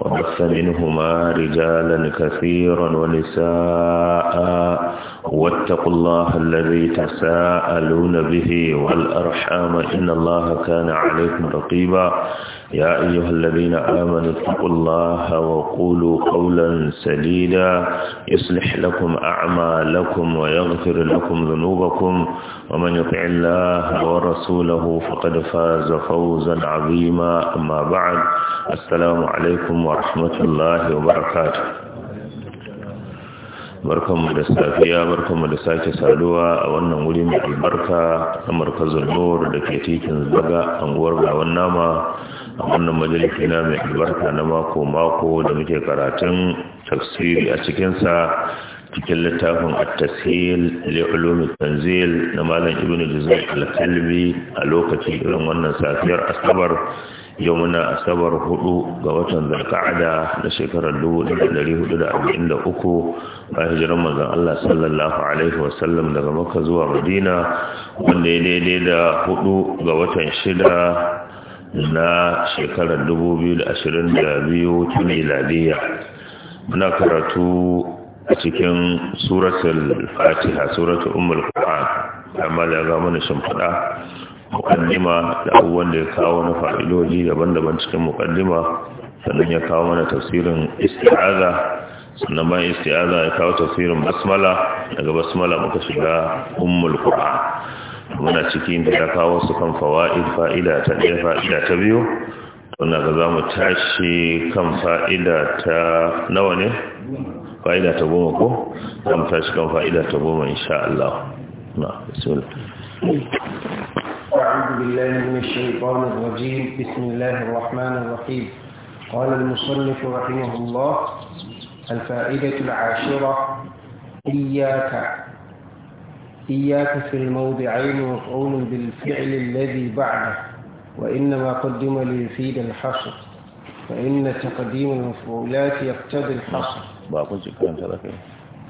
وبث منهما رجالا كثيرا ونساء واتقوا الله الذي تساءلون به والأرحام إن الله كان عليكم رقيبا يا أيها الذين آمنوا اتقوا الله وقولوا قولا سديدا يصلح لكم أعمالكم ويغفر لكم ذنوبكم ومن يطع الله ورسوله فقد فاز فوزا عظيما أما بعد السلام عليكم ورحمة الله وبركاته barkanmu da safiya barkanmu da sake saduwa a wannan wuri mai albarka na markazin nur da ke titin zaga anguwar gawan nama a wannan majalisi na mai albarka na mako-mako da muke karatun tafsiri a cikinsa cikin littafin at-tashil ulumi tanzil na malam ibnu juzay al-kalbi a lokaci irin wannan safiyar asabar yau muna asabar hudu ga watan zarka'ada na shekarar 1443 bayan hijirar manzon Allah sallallahu alaihi wasallam daga maka zuwa Madina wanda ya daidai da hudu ga watan shida na shekarar ashirin 2022 tun iladiyya muna karatu a cikin suratul fatiha suratul Umar qur'an amma da ga mana shimfiɗa mukaddima da abubuwan da ya kawo na fa'iloji daban-daban cikin mukaddima sannan ya kawo mana tafsirin isti'aza sannan bayan isti'aza ya kawo tafsirin basmala daga basmala muka shiga Umar qur'an muna cikin da ya kawo su kan fawa'id fa'ida ta ɗaya fa'ida ta biyu wanda ga za mu tashi kan fa'ida ta nawa ne fa'ida ta goma ko za mu tashi kan fa'ida ta goma insha Allah na bismillah أعوذ بالله من الشيطان الرجيم بسم الله الرحمن الرحيم قال المصنف رحمه الله الفائدة العاشرة إياك إياك في الموضعين مفعول بالفعل الذي بعده وإنما قدم ليفيد الحصر فإن تقديم المفعولات يقتضي الحصر باقول نعم. شيء كلام سلاك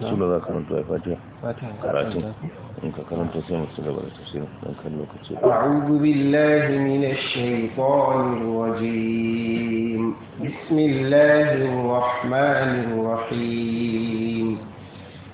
سلا ذاك من طويل فاتحة فاتحة إنك كلام تسيم السلا بلا تسيم إنك نوك أعوذ بالله من الشيطان الرجيم بسم الله الرحمن الرحيم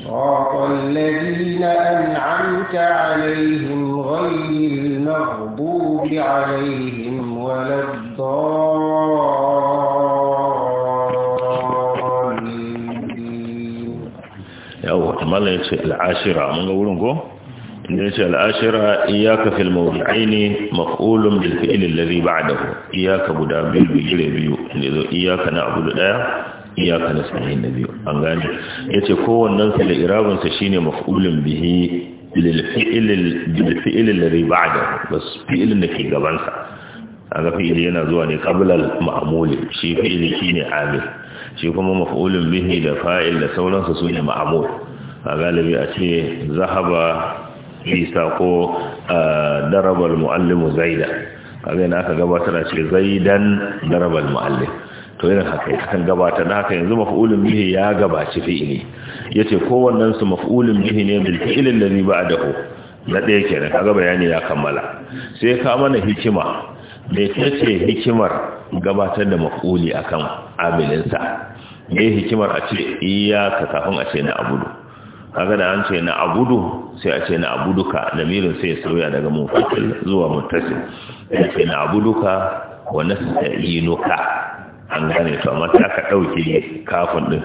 صراط الذين أنعمت عليهم غير المغضوب عليهم ولا الضالين يو العاشرة من قولون كو يتسي العاشرة إياك في الموضعين مفعول بالفعل الذي بعده إياك بدابيل بجلبيو إياك نعبد الآية iyaka sahihin na biyu an gane yace kowannen sa da irabun sa shine maf'ulun bihi lil lil alladhi ba'da fi'lin da ke gaban sa aga fi'il yana zuwa ne qabla al ma'mul shi ne shine amil shi kuma maf'ulun bihi da fa'il da su sune ma'mul a galibi a ce zahaba isa ko darabar mu'allimu zaida kaga yana aka gabatar a ce zaidan darabar mu'allim to irin haka kan gabata na haka yanzu mafulin bihi ya gabaci fi'ili yace ce su mafulin bihi ne bil fi'ilin da ba'dahu na ɗaya kenan kaga bayani ya kammala sai ka mana hikima me ce hikimar gabatar da maf'uli akan amininsa me hikimar a ce ka kafin a ce na abudu kaga da an ce na abudu sai a ce na abuduka mirin sai ya sauya daga munfasil zuwa muttasil na abuduka wa nasta'inuka an gane to amma sai aka ɗauke kafin ɗin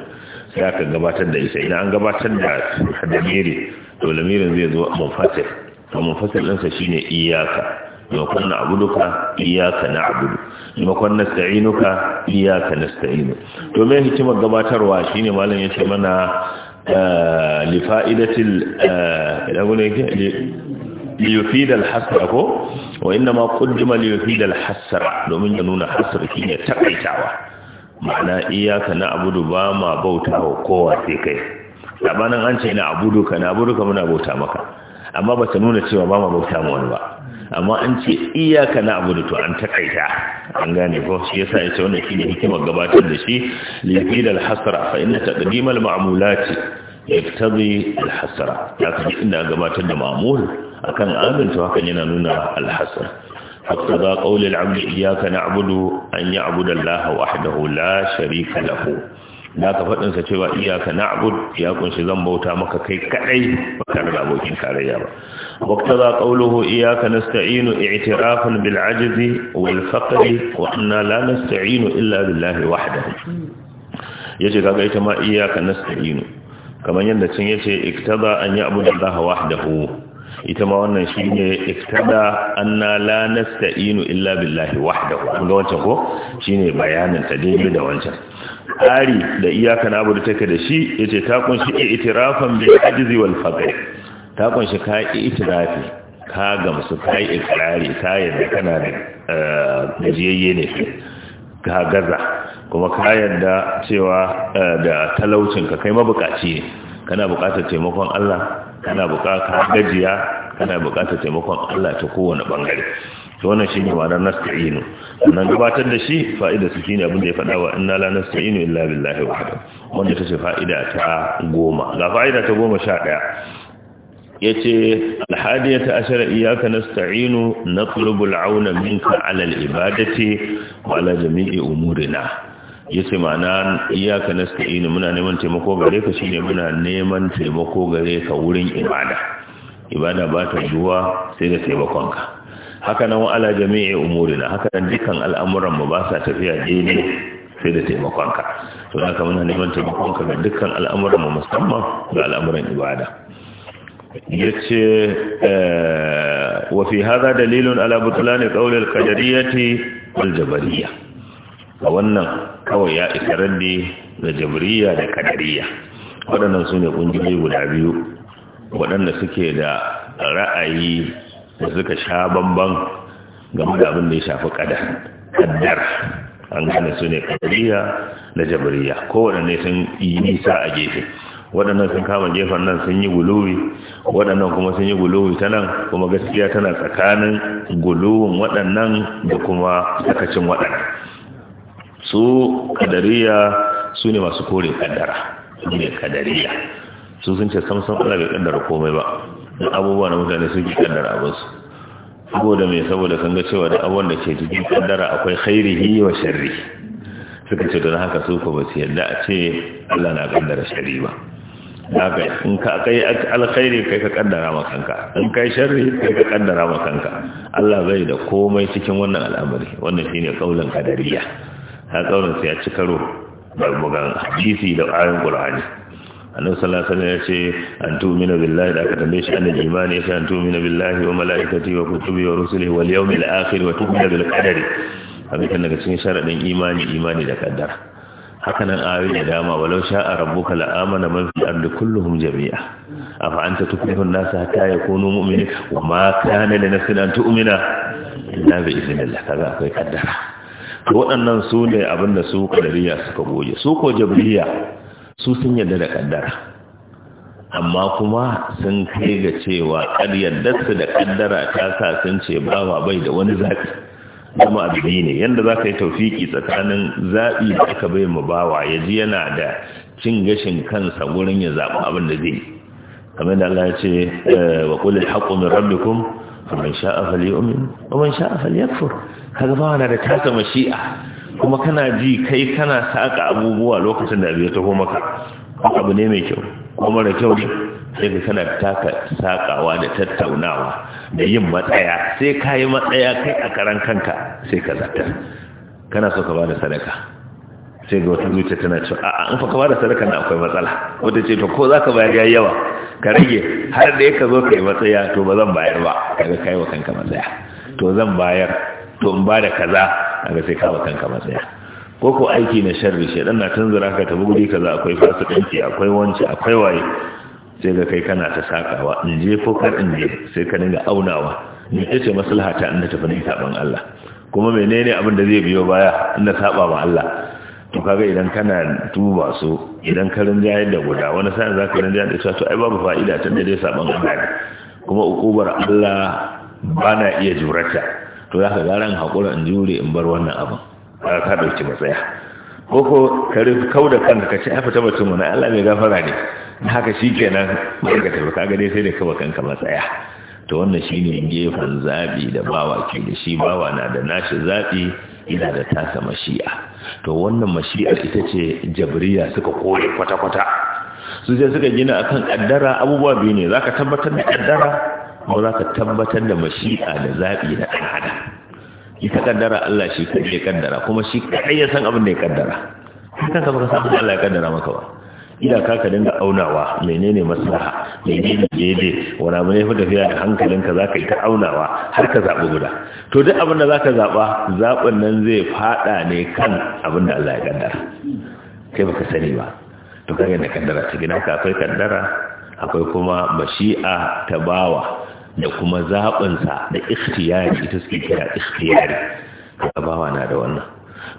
sai aka gabatar da isa idan an gabatar da damiri to lamirin zai zo a mafasir a mafasir ɗinsa shine iyaka maimakon na abuduka iyaka na abudu maimakon na sta'inuka iyaka na sa'inu to mai hikimar gabatarwa shine malam ya ce mana eh, lifa'idatil eh, liyufid al-hasra ko wa inna ma qaddama liyufid al domin ya nuna hasr shine takaitawa ma'ana iyyaka na'budu ba ma bautawa kowa sai kai labanan an ce na abudu ka na abudu ka muna bauta maka amma ba ta nuna cewa ba ma bauta ma wani ba amma an ce iyaka na abudu to an takaita an gane ko shi yasa yace wannan shine hikimar gabatar da shi liyufid al-hasra fa inna taqdimal ma'mulati yaktabi alhasara ya kaji inda gabatar da mamul akan aminta, hakan yana nuna alhasar hatta qaulul abdi iyyaka na'budu an ya'budu allaha wahdahu la sharika lahu da ka fadin sa cewa iyyaka na'bud ya kunshi zan bauta maka kai kadai tare da abokin tarayya ba waqtada qawluhu iyyaka nasta'inu i'tirafan bil ajzi wal faqri wa anna la nasta'inu illa billahi wahdahu yace kaga ita ma iyyaka nasta'inu kamar yadda can yace iktada an abu ya'budu allaha wahdahu ita ma wannan shi ne, iktada anna la nasta'inu illa billahi wahdahu ga wancan ko shine bayanin ta daidai da wancan ari da iyaka na bude take da shi yace ta kunshi itirafan bi ajzi wal faqr ta kunshi ka itirafi ka gamsu ka yi ikrari ka yadda kana da eh, jiyayye ne ka gaza kuma ka yadda cewa eh, da talaucin ka kai mabukaci ne kana bukatar taimakon Allah kana bukatar gajiya kana bukatar taimakon Allah ta kowane bangare to wannan shine ma'anar nasta'inu Wannan gabatar da shi fa'ida su shine abin da ya faɗa wa inna la nasta'inu illa billahi wahda wanda tace fa'ida ta goma ga fa'ida ta goma sha ɗaya yace alhadiyata ashara iyyaka nasta'inu naqlubul auna minka 'ala ibadati wa 'ala jami'i umurina ya ce ma'ana iyaka nasta'inu muna neman taimako gare ka shine muna neman taimako gare ka wurin ibada ibada ba ta yiwuwa sai da taimakonka haka nan ala jami'i umurina haka nan dukkan al'amuran mu ba sa tafiya daidai sai da taimakonka to haka muna neman taimakonka ga dukkan al'amuran mu musamman ga al'amuran ibada yace eh, wa fi hadha dalilun ala butlan qawl al-qadariyati wal jabariyah a wannan kawai ya isa rande da jamuriya da kadariya waɗannan su ne ƙungiyoyi guda biyu waɗanda suke da ra'ayi da suka sha bamban game da abin da ya shafi ƙadar. kaddar an gane su ne kadariya da jabariya kowaɗanne sun yi nisa a gefe waɗannan sun kama gefen nan sun yi guluwi waɗannan kuma sun yi guluwi ta nan kuma gaskiya tana tsakanin guluwin waɗannan da kuma sakacin waɗannan su kadariya su ne masu kore kaddara su ne kadariya su sun ce samson Allah bai kaddara komai ba da abubuwa na mutane sun ki kaddara abinsu saboda mai saboda sun ga cewa da abubuwan da ke jikin kaddara akwai khairihi wa sharri suka ce don haka su ko ba su yadda a ce Allah na kaddara sharri ba haka in ka kai alkhairi kai ka kaddara ma kanka in kai sharri kai ka kaddara ma kanka Allah zai da komai cikin wannan al'amari wannan shine kaulin kadariya ta kaunin sai ya ci karo da bugan hadisi da ayin qur'ani annabi sallallahu alaihi wasallam ya ce an tu'minu billahi da aka tambaye shi annabi imani ya an tu'minu billahi wa malaikati wa kutubi wa rusulihi wal yawmil akhir wa tu'minu bil qadari daga cikin sharadin imani imani da kaddara hakanan ayoyi da dama walau sha'a rabbuka la'amana man fil ardi kulluhum jami'a afa anta tukrihu an-nas hatta yakunu mu'minin wa ma kana li nafsin an tu'mina illa bi idhnillah kaga akwai kaddara waɗannan su ne abinda su ƙadariya suka goge su ko jabriya su sun yadda da ƙaddara amma kuma sun kai ga cewa ƙaryardarsu da ƙaddara ta sa sun ce bawa bai da wani zaɓi kuma abu ne yadda za ka yi taufiki tsakanin zaɓi da aka bai mu bawa ya ji yana da cin gashin kansa wurin ya zaɓi abin da zai kamar da Allah ya ce eh, wa kulil haqqu min rabbikum faman sha'a falyu'min wa man sha'a falyakfur kaga ba na da taka mashi'a kuma kana ji kai kana saka abubuwa lokacin da ya koma ka abu ne mai kyau ko mara kyau ne sai ka kana taka sakawa da tattaunawa da yin matsaya sai ka yi matsaya kai a karan kanka sai ka zata kana so ka ba da sadaka sai ga wata zuciya tana ce a'a an fa ka da sadaka na akwai matsala wata ce to ko za ka bayar yayi yawa ka rage har da ka zo ka yi matsaya to ba zan bayar ba kaga yi wa kanka matsaya to zan bayar to in ba da kaza daga sai ka kan matsaya ko ko aiki na sharri dan na tanzura ka tafi guri kaza akwai fasikanci akwai wance akwai waye sai ga kai kana ta sakawa in je ko kar in je sai ka dinga aunawa ni ce maslaha ta inda tafi ne saban Allah kuma menene abin da zai biyo baya inda saba wa Allah to kaga idan kana duba su idan ka rinja yadda guda wani sai za ka rinja da to ai babu fa'ida tun dai saban Allah kuma ukubar Allah bana iya jurata to za ka ran haƙura in jure in bar wannan abin ba ka ɗauki matsaya ko ko ka kau da kanka ka ci a ta batun wani Allah mai gafara ne haka shi kenan ba ka tafi ka dai sai da kawa kanka matsaya to wannan shine gefen zabi da bawa ke da shi bawa na da nashi zabi ina da tasa mashi'a to wannan mashi'a ita ce jabriya suka kore kwata-kwata su je suka gina akan kaddara abubuwa biyu ne zaka tabbatar da ƙaddara? kuma za ka tabbatar da mashi'a da zaɓi da ɗan'ada. adam ta ƙaddara Allah shi kaɗai ya ƙaddara kuma shi kaɗai ya san abin da ya kaddara kan ka baka Allah ya ƙaddara maka ba Ina ka dinga aunawa menene maslaha menene daidai wani abu ne fi tafiya da hankalinka za ka yi ta aunawa har ka zaɓi guda to duk abin da za ka zaɓa zaɓin nan zai faɗa ne kan abin da Allah ya kaddara kai baka sani ba to kan yadda kaddara cikin haka akwai kaddara akwai kuma mashi'a ta bawa da kuma zaɓinsa da ikhtiyari ita suke kira ikhtiyari ka bawa na da wannan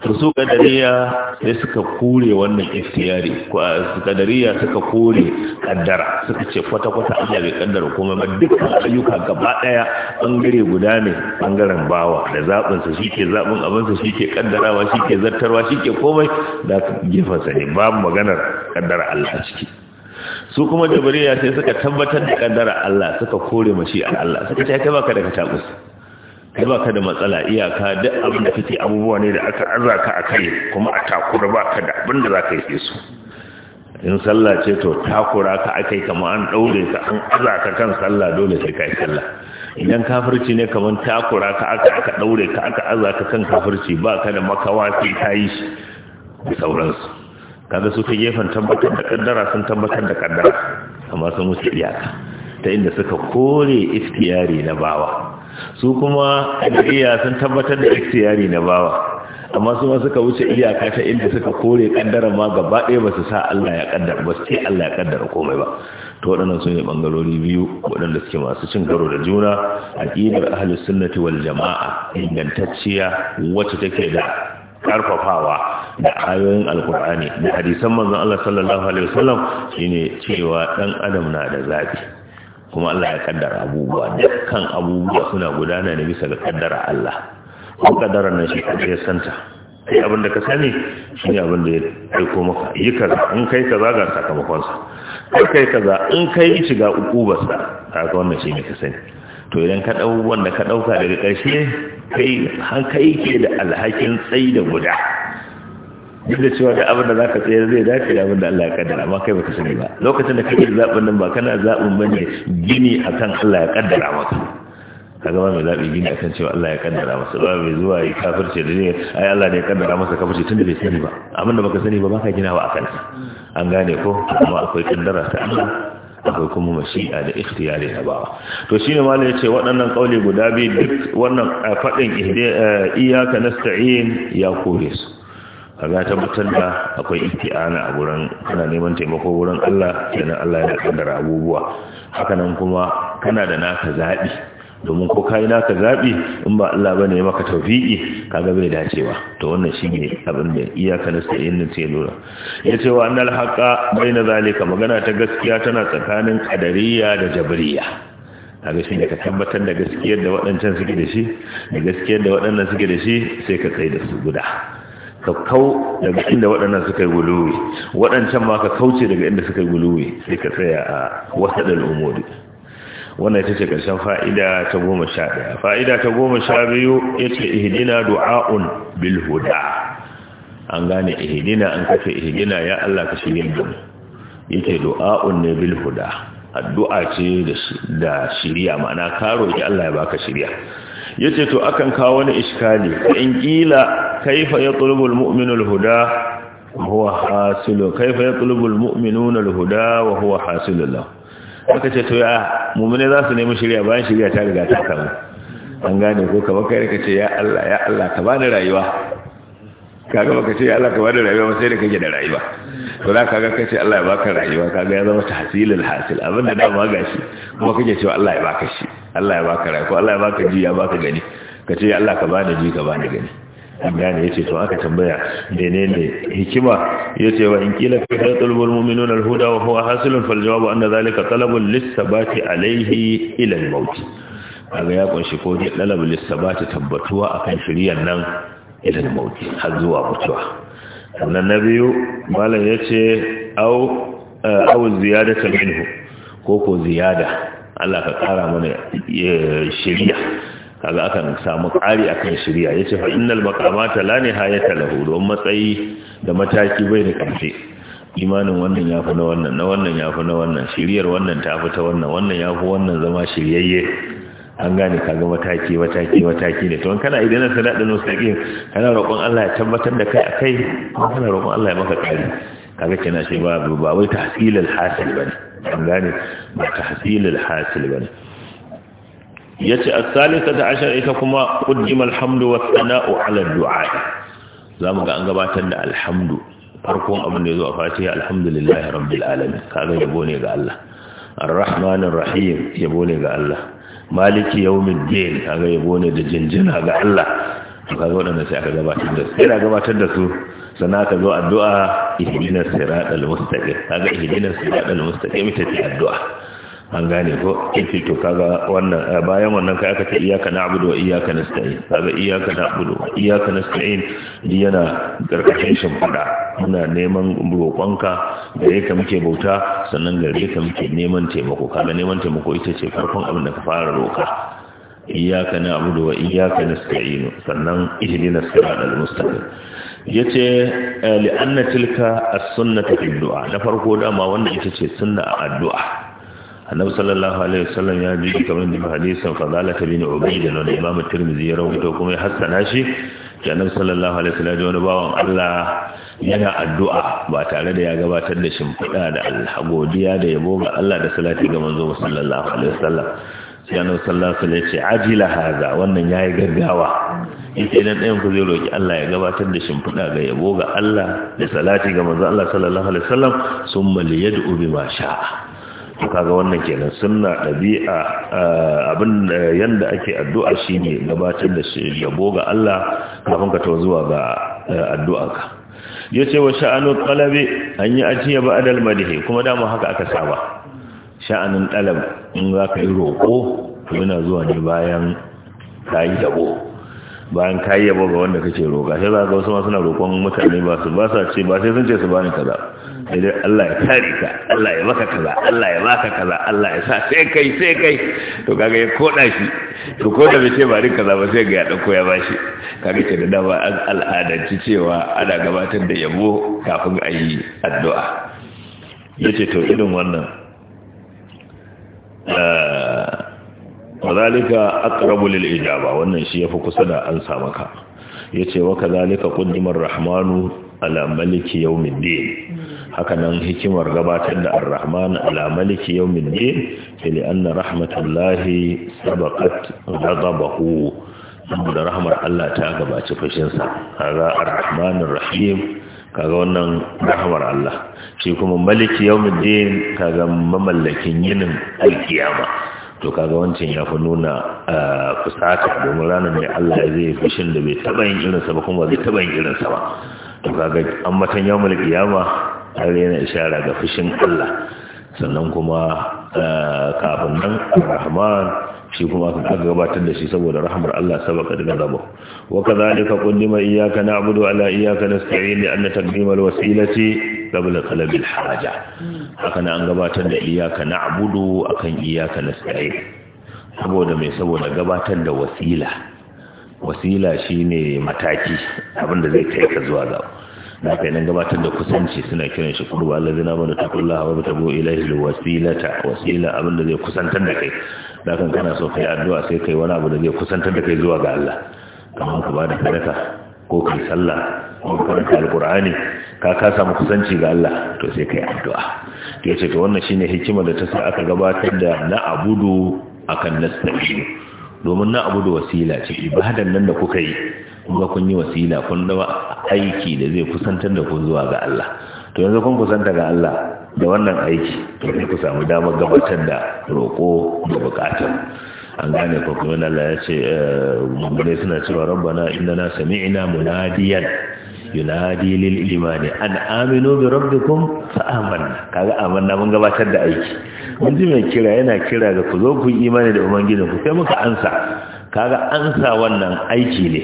to su kadariya sai suka kure wannan ikhtiyari su kadariya suka kure kaddara suka ce kwata-kwata Allah bai kaddara kuma ba dukkan ayyuka gaba daya bangare guda ne bangaren bawa da zaɓinsa shi ke zaɓin abin sa ke kaddarawa shi ke zartarwa shi ke komai da gefen ne babu maganar kaddara Allah a ciki su kuma Jabariya sai suka tabbatar da kaddara Allah suka kore mashi a Allah suka ce kai baka da katabus kai baka da matsala iyaka duk abin da kake abubuwa ne da aka arzaka a kai kuma a takura baka da abin da zaka yi su in sallah ce to takura ka akai kamar an daure ka an azaka kan sallah dole sai kai sallah idan kafirci ne kamar takura ka aka aka daure ka aka azaka kan kafirci ba ka da makawa sai kai da sauransu kaga su ta gefen tabbatar da kaddara sun tabbatar da kaddara amma sun wuce iyaka ta inda suka kore iftiyari na bawa su kuma iya sun tabbatar da iftiyari na bawa amma su ma suka wuce iyaka ta inda suka kore kaddara ma gaba ɗaya ba su sa Allah ya kaddara ba sai Allah ya kaddara komai ba to waɗannan sun yi ɓangarori biyu waɗanda suke masu cin karo da juna aƙidar ahlus sunnati wal jama'a ingantacciya wacce take da karfafawa da ayoyin alkur'ani da hadisan manzon Allah sallallahu alaihi wasallam shine cewa dan adam na da zafi kuma Allah ya kaddara abubuwa dukkan abubuwa suna gudana ne bisa ga kaddara Allah ko kaddara nan shi kace santa ai abin da ka sani shi ne abin da ya aiko maka yi kaza in kai kaza ga sakamakon sa kai kai kaza in kai shiga ukubar sa ga wannan shi ne ka sani to idan ka dau wanda ka dauka daga ƙarshe kai kai ke da alhakin tsayi da guda duk da cewa da abin da zaka tsayar zai dace da abin da Allah ya kaddara amma kai baka sani ba lokacin da kake zaɓin nan ba kana zaɓin bane gini akan Allah ya kaddara maka kaga ba mai zaɓi gini akan cewa Allah ya kaddara masa ba mai zuwa ya kafirce da ne ai Allah ne ya kaddara masa kafirce tunda bai sani ba abin da baka sani ba baka ginawa akan an gane ko amma akwai kaddara ta Allah akwai kuma mashi'a da ikhtiyari na bawa to shine ma yace waɗannan kauli guda biyu duk wannan fadin iyyaka nasta'in ya kore su kaga tabbatar da akwai iftiana a wurin kana neman taimako wurin Allah kenan Allah yana kaddara abubuwa haka nan kuma kana da naka zabi domin ko kai naka zabi in ba Allah bane ya maka tawfiqi kaga bai dacewa to wannan shine abin da iyaka sai ne ce lura yace wa annal haqa baina zalika magana ta gaskiya tana tsakanin qadariyya da jabriyya abin shi ne ka tabbatar da gaskiyar da waɗancan suke da shi da gaskiyar da waɗannan suke da shi sai ka kai da su guda ka kau daga inda waɗannan suka yi guluwe waɗancan ma ka kauce daga inda suka yi guluwe sai ka tsaya a ɗan umuri wannan ita ce ƙarshen fa'ida ta goma sha ɗaya fa'ida ta goma sha biyu ya ce ihidina du'a'un bilhuda. an gane ihidina an kafa ihidina ya Allah ka shi da mu yake du'a'un ne bilhuda. addu'a ce da shirya ma'ana karo ya Allah ya baka shirya yace to akan kawo wani iskali in kila kaifa yatlubu almu'minu alhuda wa huwa hasilu kaifa yatlubu almu'minuna alhuda wa huwa hasilu lahu aka ce to ya mu'mine za su nemi shirya bayan shirya ta riga ta kama. an gane ko kamar kai ka ce ya Allah ya Allah ka bani rayuwa kaga baka ce ya Allah ka bani rayuwa sai da kake da rayuwa to da kaga kace Allah ya baka rayuwa kaga ya zama tahsilul hasil abinda da ma gashi kuma kake cewa Allah ya baka shi Allah ya baka rai ko Allah ya baka ji ya baka gani ka ce Allah ka bani ji ka bani gani gane yace to aka tambaya menene hikima yace wa in kila fi talabul mu'minuna al-huda wa huwa hasilun fal jawab anna zalika talabun lis-sabati alayhi ila al-maut aga ya kunshi ko talabul lis-sabati tabbatuwa akan shiriyar nan ila al-maut har zuwa mutuwa annan na biyu malam yace au eh, au ziyadatan minhu ko ko ziyada Allah ka kara mana eh, shari'a kaga akan samu kari akan shari'a yace fa innal maqamata la nihayata lahu don matsayi da mataki bai da ƙarfi imanin wannan ya fi na wannan na wannan ya fi na wannan Shiriyar wannan ta fi ta wannan wannan ya fi wannan zama shiryayye an gane kaga mataki mataki mataki ne to kana idan da sanadin mustaqim kana roƙon Allah ya tabbatar da kai akai kana roƙon Allah ya maka ƙari kaga kina shi ba ba wai tahsilul hasil bane an gane ba tahsilul hasil bane yace as-salisata ashar ita kuma qaddima alhamdu wa thana'u ala du'a zamu ga an gabatar da alhamdu farkon abin da yazo a fatiha alhamdulillahi rabbil alamin kaga yabo ne ga Allah arrahmanir rahim yabo ne ga Allah maliki yawmiddin kaga yabo ne da jinjina ga Allah kaga wadanda sai aka gabatar da su gabatar da su sannan ka zo addu'a ihdinas siratal mustaqim kaga ihdinas siratal mustaqim ita ce addu'a an gane ko kifi to kaga wannan bayan wannan kai aka ce iyyaka na'budu wa iyyaka nasta'in kaga iyyaka na'budu wa iyyaka nasta'in yana karkashin shimfiɗa muna neman roƙonka gare ka muke bauta sannan gare ka muke neman taimako kaga neman taimako ita ce farkon abin da ka fara roƙa iyyaka na'budu wa iyyaka nasta'in sannan ihdinas siratal mustaqim ya ce eh, li'anna tilka a sunnata fi du'a na farko dama wanda ita ce sunna a addu'a annabi sallallahu alaihi wasallam ya ji kamar da hadisin fadala ta bin ubayd da wanda imamu tirmidhi ya rawaito kuma ya hassana shi da annabi sallallahu alaihi wasallam wani bawan Allah yana addu'a ba tare da ya gabatar da shimfiɗa da alhagodiya da yabo ga Allah da salati ga manzo sallallahu alaihi wasallam sai annabi sallallahu alaihi wasallam ya ce ajila haza wannan yayi gaggawa ita idan ɗayan ku zai roki Allah ya gabatar da shimfiɗa ga yabo ga Allah da salati ga manzo Allah sallallahu alaihi wasallam summa liyad'u bima sha'a kaga wannan kenan sunna dabi'a abin yanda ake addu'a shine gabatar da shi yabo ga Allah kafin ka tawo zuwa ga addu'arka yace wa sha'anu qalbi an yi ajiya ba adal madhi kuma da mu haka aka saba sha'anin dalab in zaka yi roko yana zuwa ne bayan kai yabo bayan ka yabo ga wanda kake roƙa sai za ka wasu ma suna roƙon mutane ba su ba sa ce ba sai sun ce su bani kaza idan Allah ya kare ka Allah ya maka kaza Allah ya baka kaza Allah ya sa sai kai sai kai to kaga ya koda shi to ko da bai ce bari kaza ba sai ga ya dauko ya bashi kaga ke da dama an al'adanci cewa ana gabatar da yabo kafin a yi addu'a yace to irin wannan eh, Kazalika zalika aqrabu lil ijaba wannan shi yafi kusa da an samu ka yace wa kazalika qaddimar rahmanu ala maliki yawmiddin hakanan hikimar gabatar da ar-rahman ala maliki yawmiddin li anna rahmatullahi sabaqat ghadabahu saboda rahmar Allah ta gabaci fashinsa, kaga ar rahim kaga wannan rahmar Allah shi kuma maliki yawmiddin kaga mamallakin yinin alkiyama to kaga wancan ya fi nuna fusata domin ranar mai Allah zai fushin da bai taba yin irinsa ba kuma zai taba yin irinsa ba to kaga an matan yawmul qiyama har yana ishara ga fushin Allah sannan kuma kafin nan Rahman shi kuma aka gabatar da shi saboda rahmar Allah sabaka da rabo wa kadhalika qaddima iyyaka na'budu ala iyyaka nasta'in li anna taqdimal wasilati qabla talabil haraja haka an gabatar da na Abudu akan na nasta'in saboda mai saboda gabatar da wasila wasila shine mataki abinda zai kai ka zuwa ga da kai gabatar da kusanci suna kiran shi kurba allazina amanu taqullaha ta tabu ilayhi Wasilata wasila abinda zai kusantar da kai da kan kana so kai addu'a sai kai wani abu da zai kusantar da kai zuwa ga Allah kamar ka bada sadaka ko kai sallah ko karanta alqur'ani ka ka samu kusanci ga Allah to sai kai addu'a to yace to wannan shine hikima da ta sa aka gabatar da na abudu akan nasta'in domin na abudu wasila ce ibadan nan da kuka yi kuma kun yi wasila kun dawa aiki da zai kusantar da ku zuwa ga Allah to yanzu kun kusanta ga Allah da wannan aiki to sai ku samu damar gabatar da roko da bukatar an gane ko kuma Allah ya ce eh, ne suna cewa rabbana inna sami'na munadiyan yunadi lil imani an aminu bi rabbikum fa amanna kaga amanna mun gabatar da aiki mun ji mai kira yana kira ga ku zo ku imani da ubangijinku sai muka ansa kaga ansa wannan aiki ne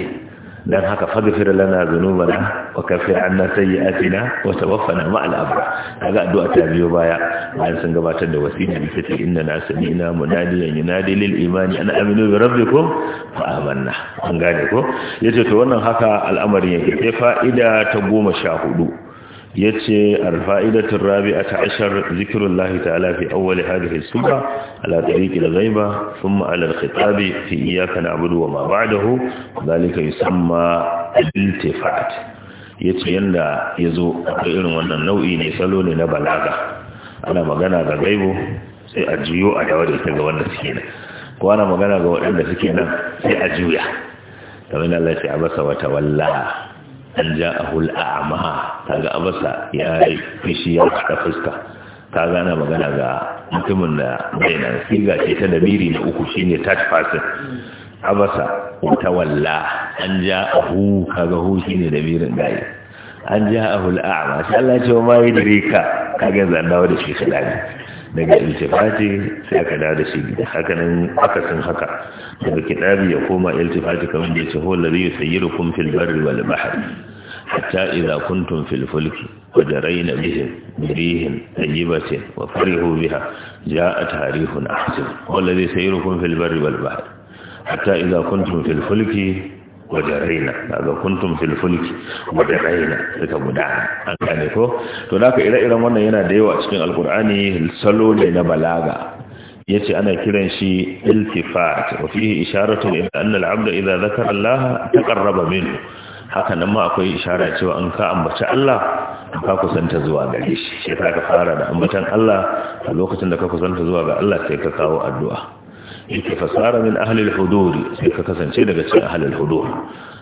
dan haka faghfir lana dhunubana wa kafir anna sayyi'atina wa tawaffana ma'al al'abu. kaga addu'a ta biyo baya bayan sun gabatar da wasiya da take inna na sami'na munadiyan yunadi lil imani an aminu bi rabbikum fa amanna an gane ko yace to wannan haka al'amarin yake sai fa'ida ta 14 yace alfa'idatu rabi'ata ashar zikrullahi ta'ala fi awwal hadhihi as-sura ala tariqi al-ghaiba thumma ala al-khitab fi iyyaka na'budu wa ma ba'dahu dalika yusamma al-iltifat yace yanda yazo akwai irin wannan nau'i ne salo ne na balaga ana magana ga gaibo sai a jiyo a dawo da ga wanda suke nan ko ana magana ga waɗanda suke nan sai a juya kamar Allah ya ce abasa wa tawalla an a a ja'ahu ta ga abasa ya yi fishi ya kada fuska ta gana magana ga mutumin da mai na siga ce ta dabiri na uku shine touch person abasa wata walla an ja a hu ka ga hu shine dabirin gaye an a a al'ama shi Allah ce wa ma yidrika kaga zan dawo da shi kadai daga iltifati sai aka da shi gida haka nan akasin haka daga kitabi ya koma iltifati kamar da yace huwa allazi yusayyirukum fil bari wal bahri hatta idza kuntum fil fulki wajarayna bihim birihin tayyibatin wa farihu biha ja'at harihun ahsin huwa allazi yusayyirukum fil bari wal bahri hatta idza kuntum fil fulki wajen na daga kuntum filfulki fulki, suka gudana an gane ko to da ire-iren wannan yana da yawa cikin alkur'ani salo na balaga ya ce ana kiran shi iltifat fihi isharatu ila anna al-abda idza dhakara Allah taqarraba minhu haka nan ma akwai ishara cewa an ka ambaci Allah ka kusanta zuwa gare shi sai ka fara da ambatan Allah a lokacin da ka kusanta zuwa ga Allah sai ka kawo addu'a yake fasara min ahlil huduri sai ka kasance daga cikin ahlil hudur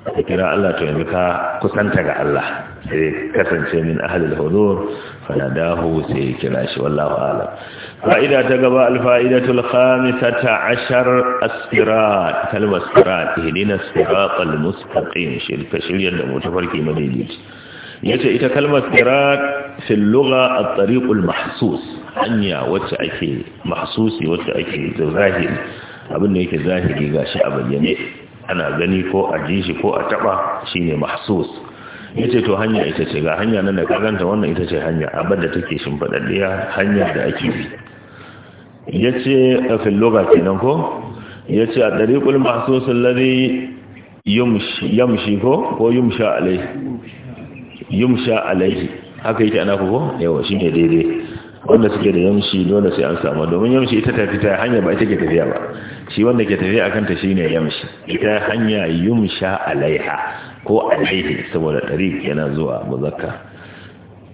ka kira Allah to yanzu ka kusanta ga Allah sai kasance min ahlil hudur fanadahu sai kira shi wallahu a'lam fa'ida ta gaba alfa'idatul khamisata ashar as-sirat kalmar sirat ihdina as-siratal mustaqim shirka da mu tafarki madaidaici yace ita kalmar sirat fil lugha at-tariqul mahsus hanya wacce ake mahsusi wacce ake zahiri abin da yake zahiri ga shi a bayyane ana gani ko a ji shi ko a taba shine mahsus yace to hanya ita ce ga hanya nan da kaganta wannan ita ce hanya abin da take shimfadaddiya hanya da ake bi yace a fil lugha kenan ko yace a dariqul mahsus alladhi yumshi yamshi ko ko yumsha alai yumsha alai haka yake ana ko yawa shine daidai wanda suke da yamshi dole sai an samu domin yamshi ita tafi ta hanya ba ita ke tafiya ba shi wanda ke tafiya akan ta shine yamshi ita hanya yumsha alaiha ko alaihi saboda tariq yana zuwa muzakka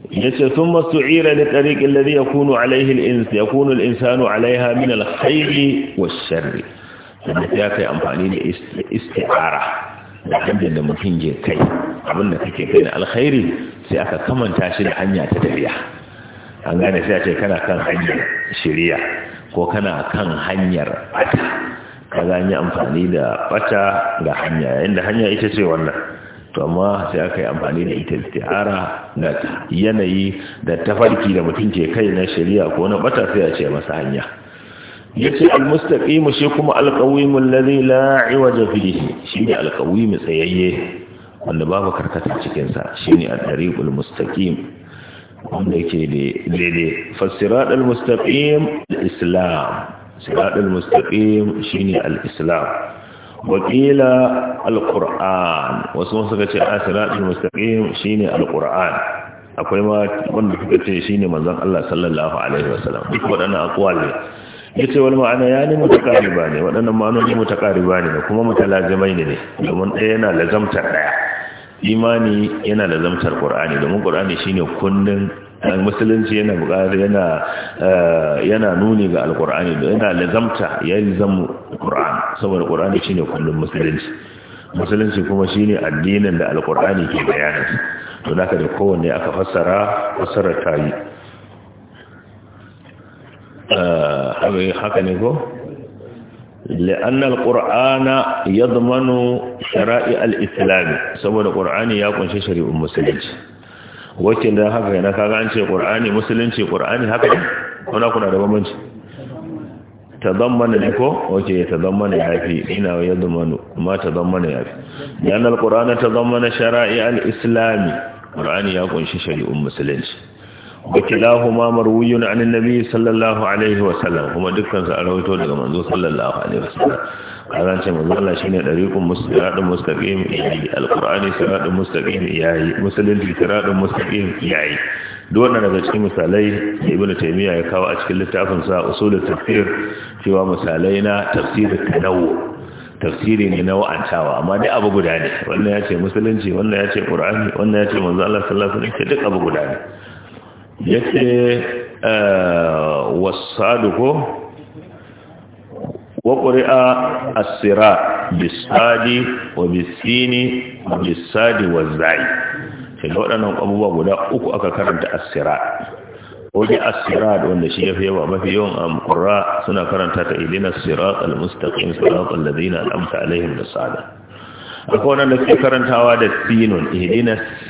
yace sun masu'ira da tariq alladhi yakunu alaihi al-ins yakunu al-insanu alaiha min al-khayr wash-sharr ya kai amfani da isti'ara da hanyar da mutum ke kai abinda kake kai na alkhairi sai aka kamanta shi da hanya ta tafiya an gane sai a ce kana kan hanyar shirya ko kana kan hanyar bata ka gani amfani da bata ga hanya yayin da hanya ita ce wannan to amma sai aka yi amfani da ita isti'ara da yanayi da tafarki da mutum ke kai na shirya ko na bata sai a ce masa hanya yace al-mustaqim shi kuma al-qawim alladhi la iwaja fihi shi ne al tsayayye wanda babu karkata cikin sa shine at-tariqul mustaqim wanda yake daidai fassirat al-mustaqim al-islam sirat al-mustaqim shine al-islam wakila al-qur'an wasu suka ce a ah, sirat al-mustaqim shine al-qur'an akwai ma wanda suka ce shine manzon Allah sallallahu alaihi wasallam duk wadannan aqwal ne yace wani ma'ana ya ne mutakariba ne wadannan ma'anoni mutakariba ne kuma mutalazimai ne domin ɗaya yana lazamtar ɗaya imani yana da zamtar qur'ani domin qur'ani shine kullun eh, musulunci yana buƙari eh, yana nuni ga alqur'ani da yana zamta ya zama qur'an saboda qur'ani shine kullun musulunci musulunci kuma shine addinin da alqur'ani ke bayanin to naka da kowanne aka fassara fassarar ta yi eh, haka ne ko لأن القرآن يضمن شرائع الإسلام سبب القرآن يكون شريع مسلم wakil da haka yana kaga an ce qur'ani musulunci qur'ani haka ne kuna kuna da bambanci tazammana ne ko wace ya fi? ina ya zamanu amma tazammana yafi dan alqur'ana tazammana shara'i al-islam qur'ani ya kunshi shari'un musulunci وكلاهما مروي عن النبي صلى الله عليه وسلم هما دكان سألويته لك منذ صلى الله عليه وسلم هذا أنت منذ الله شين طريق صراط مستقيم إياي القرآن صراط مستقيم إياي مسلم في صراط مستقيم duk wannan daga cikin misalai da ibnu taymiya ya kawo a cikin littafin sa usulul tafsir cewa misalai na tafsirin tanawu tafsiri ne na wa'antawa amma dai abu guda ne wannan ya ce musulunci wannan ya ce qur'ani wannan ya ce manzo Allah sallallahu alaihi wasallam duk abu guda ne yace eh, wasaduko ko wa qur'a as bisadi wa bisini bisadi wa zai sai waɗannan abubuwa guda uku aka karanta asira sira asira as wanda shi ya yafi yawa mafi yawan al suna karanta ta idina as-sirat al-mustaqim sirat alladhina an'amta alaihim bisada akwai wanda suke karantawa da sinun idina as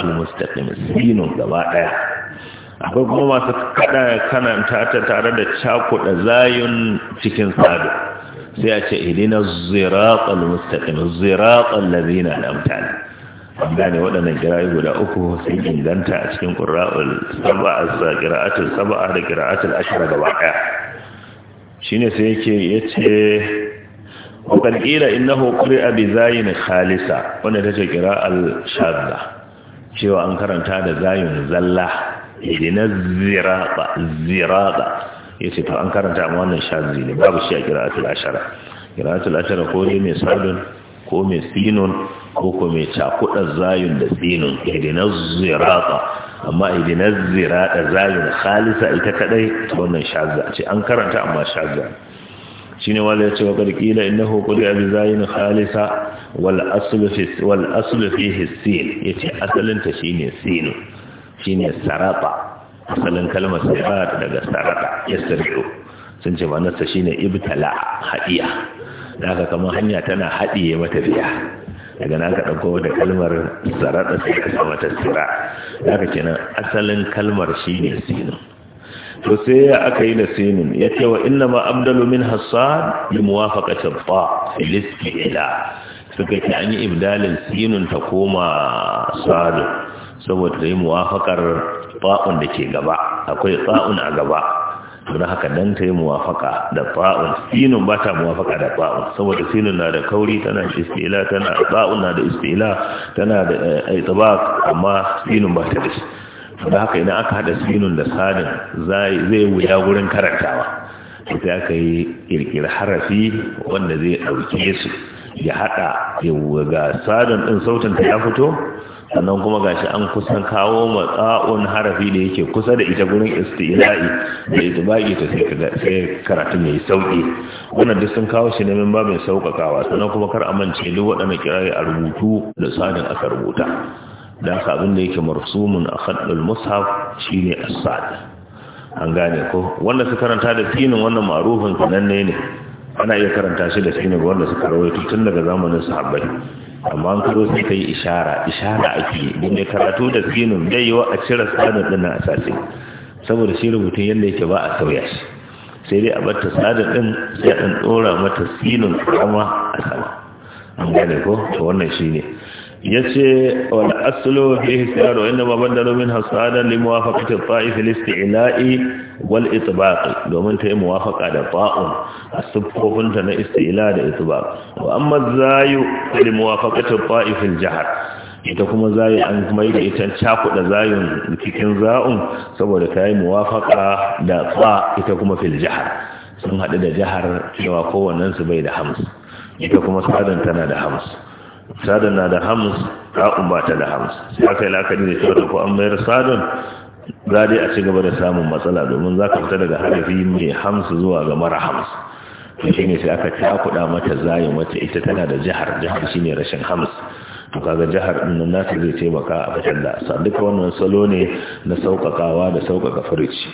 al-mustaqim sinun gaba daya akwai kuma masu kada kananta ta tare da cakuɗa zayin cikin sadu sai a ce idina ziratsal mustaqim ziratsal ladina an'amta an gane waɗannan kirayi guda uku sun inganta a cikin ƙura'ul, sab'a da qira'atul sab'a da qira'atul ashra gaba ɗaya shine sai yake yace وقد قيل Khalisa, wanda ta ce وانا تشكراء Cewa an karanta da zayin zalla. ihdina ziraqa ziraqa yace to an karanta mu wannan shazi ne babu shi a qira'atul ashara qira'atul ashara ko ne mai sadun ko mai sinun ko ko mai cakuɗa zayin da sinun ihdina ziraqa amma ihdina ziraqa zayin khalisa ita kadai wannan shazi ce an karanta amma shazi shine wanda yace wa qila innahu qila bi zayin khalisa wal aslu fi wal aslu fihi sin yace asalin ta shine sinun shine sarata asalin kalmar sirat daga sarata yasriu sun ce ma'anarsa shine ibtala hadiya daga kamar hanya tana hadiye matafiya daga nan ka dauko da kalmar sarata sai ka sa mata sira daga kenan asalin kalmar shine sinin to sai ya aka yi da sinin ya ce wa inna ma abdalu min hassan bi muwafaqatin fa listi ila suka ce an yi ibdalin sinin ta koma sadu saboda ta yi muwafakar fa'un da ke gaba akwai fa'un a gaba don haka don ta yi muwafaka da fa'un sinun ba ta muwafaka da fa'un saboda sinun na da kauri tana istila tana fa'un na da istila tana da aitabak eh, amma sinun ba ta da shi don haka idan aka hada sinun da sadin zai wuya wurin karantawa ita aka yi kirkir harafi wanda zai ɗauke su ya haɗa ga sadin ɗin sautin ta ya fito sannan kuma gashi an kusan kawo matsa'un harafi da yake kusa da ita gurin istila'i da ita izbaqi ta sai karatu mai sauki wannan duk sun kawo shi ne min babin saukakawa sannan kuma kar amince duk waɗannan kirayi a rubutu da sadin aka rubuta dan abin da yake marsumun a khaddul mushaf shine as-sad an gane ko wanda su karanta da tinin wannan marufin nan ne ana iya karanta shi da tinin wanda suka rawaito tun daga zamanin sahabbai amma an karo sai ka yi ishara ishara ake don ya karatu da sinin dai yi wa a cire tsarin ɗin a sassi saboda shi rubutun yadda yake ba a sauya shi sai dai a bata sadar ɗin sai a ɗan ɗora mata sinin kama a sama an gane ko ta wannan shi ne yace wal aslu fi ikhtiyar wa inma badalu min hasada li muwafaqati ta'if ila'i, isti'la'i wal itbaq domin ta yi muwafaqa da ta'un a ta na isti'la da itbaq wa amma zayu li muwafaqati ta'if al jahr ita kuma zayu an kuma yi da ita cakuda zayun cikin za'un saboda ta yi muwafaqa da ta ita kuma fil jahr sun hadu da jahar cewa kowannen su bai da hamsu ita kuma sadan tana da hamsu sadon na da hams ra'un ba da hams sai aka yi la'akari da cewa ko an mayar sadon za dai a ci gaba da samun matsala domin za ka fita daga harafi mai hams zuwa ga mara hams shi ne sai aka cakuɗa mata zayin mata ita tana da jihar jihar shine rashin hams to kaga jihar nan nasu zai taimaka a fitar da sa duka wannan salo ne na sauƙaƙawa da sauƙaƙa furici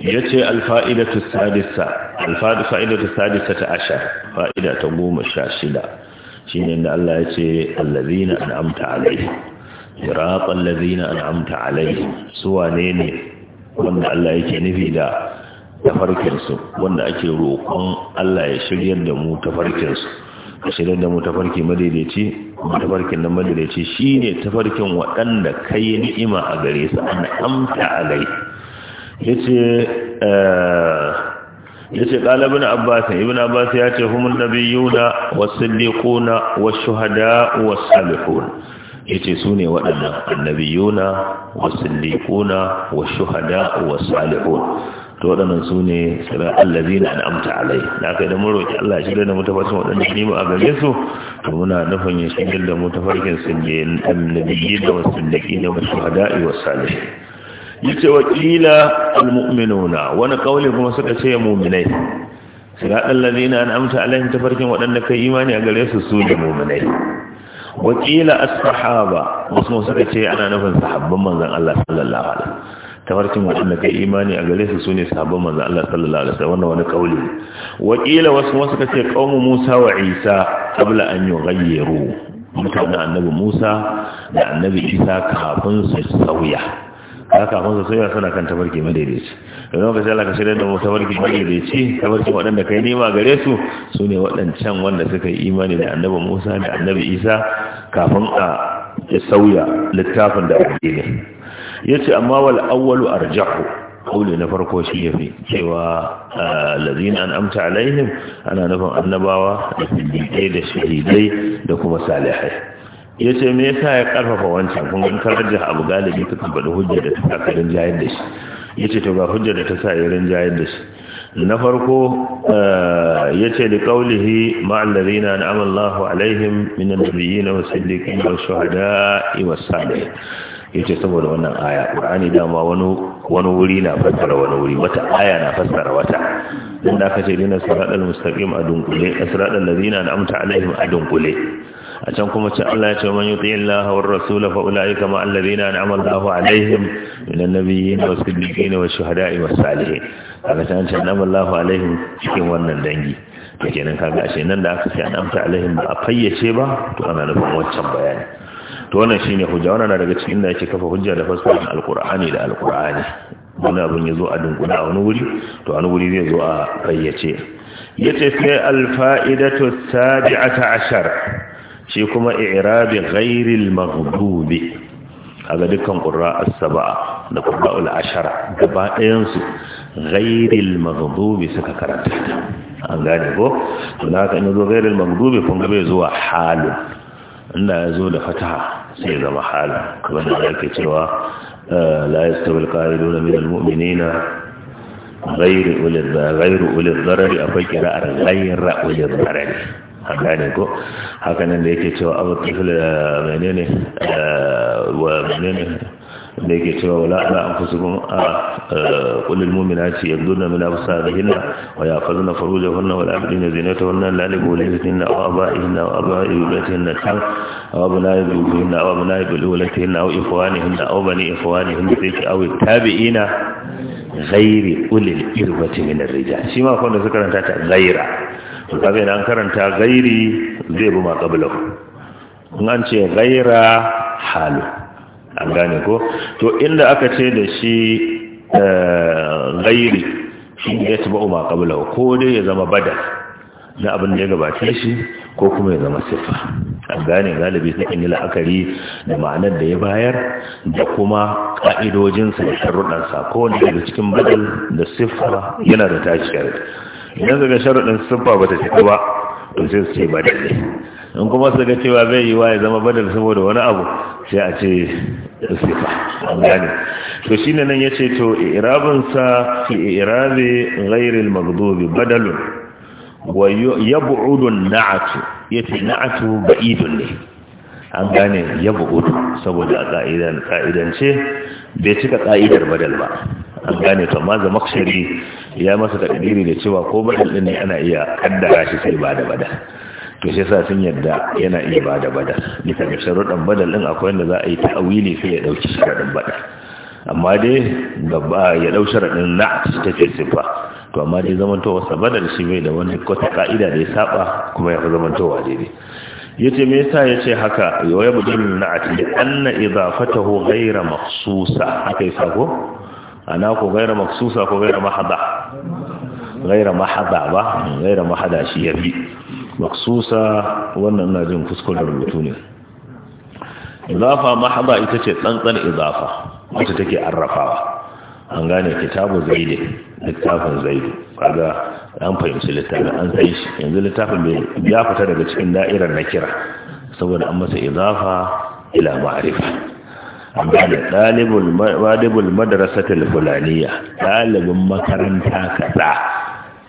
ya ce alfa'idatu sadisa alfa'idatu sadisa ta ashar fa'ida ta goma sha shida shine inda Allah ya ce allazina an'amta alaihim siratal ladzina an'amta alai su wanene ne wanda Allah yake nufi da tafarkin su wanda ake roƙon Allah ya shiryar da mu tafarkin su ya shiryar da mu tafarki madaidaici tafarkin nan madaidaici shine tafarkin waɗanda kai ni'ima a gare su an'amta alaihim yace eh yace qala ibn abbas ibn abbas yace humul nabiyuna was-siddiquna wash-shuhada was-salihun yace sune waɗannan annabiyuna wasu siddiquna wash-shuhada was-salihun to waɗannan su ne tsirar allazi na al'amta alai da aka idan maroƙi Allah shi da mu tafarkin waɗanda ne mu a game su to muna nufin ya shigar da mu tafarkin sun yi annabi da wasu da da wasu hada'i wasu salihin yace wa qila almu'minuna wani kauli kuma suka ce mu'minai siratal ladina an'amta alaihim tafarkin waɗanda kai imani a gare su su ne mu'minai wa qila as-sahaba wasu suka ce ana nufin sahabban manzon Allah sallallahu alaihi wasallam tabarkin waɗanda kai imani a gare su sune sahabban manzo Allah sallallahu alaihi wasallam wannan wani kauli wakila wasu suka ce qaumu Musa wa Isa qabla an yughayyiru mutanen annabi Musa da annabi Isa kafin su sauya haka mun soyayya suna kan tabarki madaidaici don ka sai ka shirya da mu tabarki madaidaici tabarki waɗanda kai nema gare su su ne waɗancan wanda suka yi imani da annabi Musa da annabi Isa kafin a ya sauya littafin da ake yace amma wal awwalu arjahu kauli na farko shi ya fi cewa ah, lazina an amsa alaihim ana nufin annabawa da fiddiƙai da shahidai da kuma salihai ya ce me yasa ya karfafa wancan kun ga karajin abu galibi ta tabbata hujjar da ta ka rinjayar da shi ya ce to ga hujjar da ta sa ya rinjayar da shi na farko eh, ya ce da kaulihi ma'allazina na amallahu alaihim minan nabiyina wa siddiqin wa shuhada'i wa salih ya ce saboda wannan aya ƙur'ani dama wani wuri na fassara wani wuri wata aya na fassara wata inda aka ce dina siratal mustaqim a dunkule siratal ladina na amta alaihim a dunkule a can kuma ce Allah ya ce man yuti illaha war rasula fa ulaika ma alladhina an'ama Allahu alaihim minan nabiyyin was siddiqin was shuhada'i was salihin kaga can ce an'ama Allahu alaihim cikin wannan dangi to kenan kaga ashe nan da aka ce an'amta alaihim ba a fayyace ba to ana nufin wancan bayani shine daga cikin da yake kafa hujja da da ya zo a dunkuna a wani wuri to wani wuri zai zo a fayyace yace sai alfa'idatu sabi'ata ashar shi kuma i'rabi ghairil maghdubi kaga dukkan qurra as-sab'a da qurra al-ashara gaba ɗayan su ghairil maghdubi suka karanta an gane ko to na ka ina zo ghairil maghdubi kun ga bai zuwa halu inda ya zo da fataha sai ya zama halu kamar da yake cewa eh, la yastawil qa'iduna min al-mu'minina غير أولي الضرر أفكر غير أولي الضرر an gane ko hakanan da yake cewa abu kifil eh, menene eh, wa menene da yake cewa wala ala anfusukum a ah, eh, qulil mu'minati yabduna min absarihinna wa yaquluna na wa la yabdina zinatahunna la li bulihinna aw aba'ihinna aw aba'i batihinna kan aw abna'i bulihinna aw abna'i bulatihinna aw ikhwanihinna aw bani ikhwanihinna sai aw tabi'ina ghairi ulil irbati min ar shi ma kwanda suka karanta ta ghaira to kaga idan karanta gairi zai ruma qablahu in an ce gaira halu an gane ko to inda aka ce da shi eh, gairi shi ya taba umar kabila ko dai ya zama bada na abin da ya gabata shi ko kuma ya zama siffa an gane galibi in yi la'akari da ma'anar da ya bayar da kuma ka'idojinsa da sharuɗansa ko wanda daga cikin badal da siffa yana da tashiyar idan su ga sharuɗin siffa ba ta cika ba to sai su ce badal ne in kuma su ga cewa bai yi wa ya zama badal saboda wani abu sai a ce siffa an gane to shi ne nan ya ce to irabinsa fi irabe ghairil maghdubi badalun wa yab'udu na'atu yace na'atu ba'idun ne an gane yab'udu saboda ka'idan ka'idance bai cika ka'idar badal ba an gane to amma zamakhshari ya masa takdiri da cewa ko badal ne ana iya kaddara shi sai ba da badal to shi sa sun yadda yana iya ba da badal nika ga sharuɗan badal din akwai wanda za a yi ta'awili sai ya dauki sharuɗan badal amma dai gaba ya dau sharuɗin ta take sifa to amma dai zamantowa badal shi bai da wani kwata ka'ida da ya saba kuma ya fi zamantowa daidai yace me yasa yace haka yawaya budin na'ati anna idafatahu ghayra makhsusa haka yasa ko ana ko gaira maksusa ko gaira mahada gaira mahada ba gaira mahada shi ya bi maksusa wannan na jin kuskuren rubutu ne izafa mahada ita ce tsantsan izafa wacce take arrafawa an gane kitabu zaidi littafin zaidi kaga an fahimci littafin an sai shi yanzu littafin bai ya fita daga cikin da'irar na kira saboda an masa izafa ila ma'arifa amma da ɗalibul madarasatul fulaniya ɗalibin makaranta kaza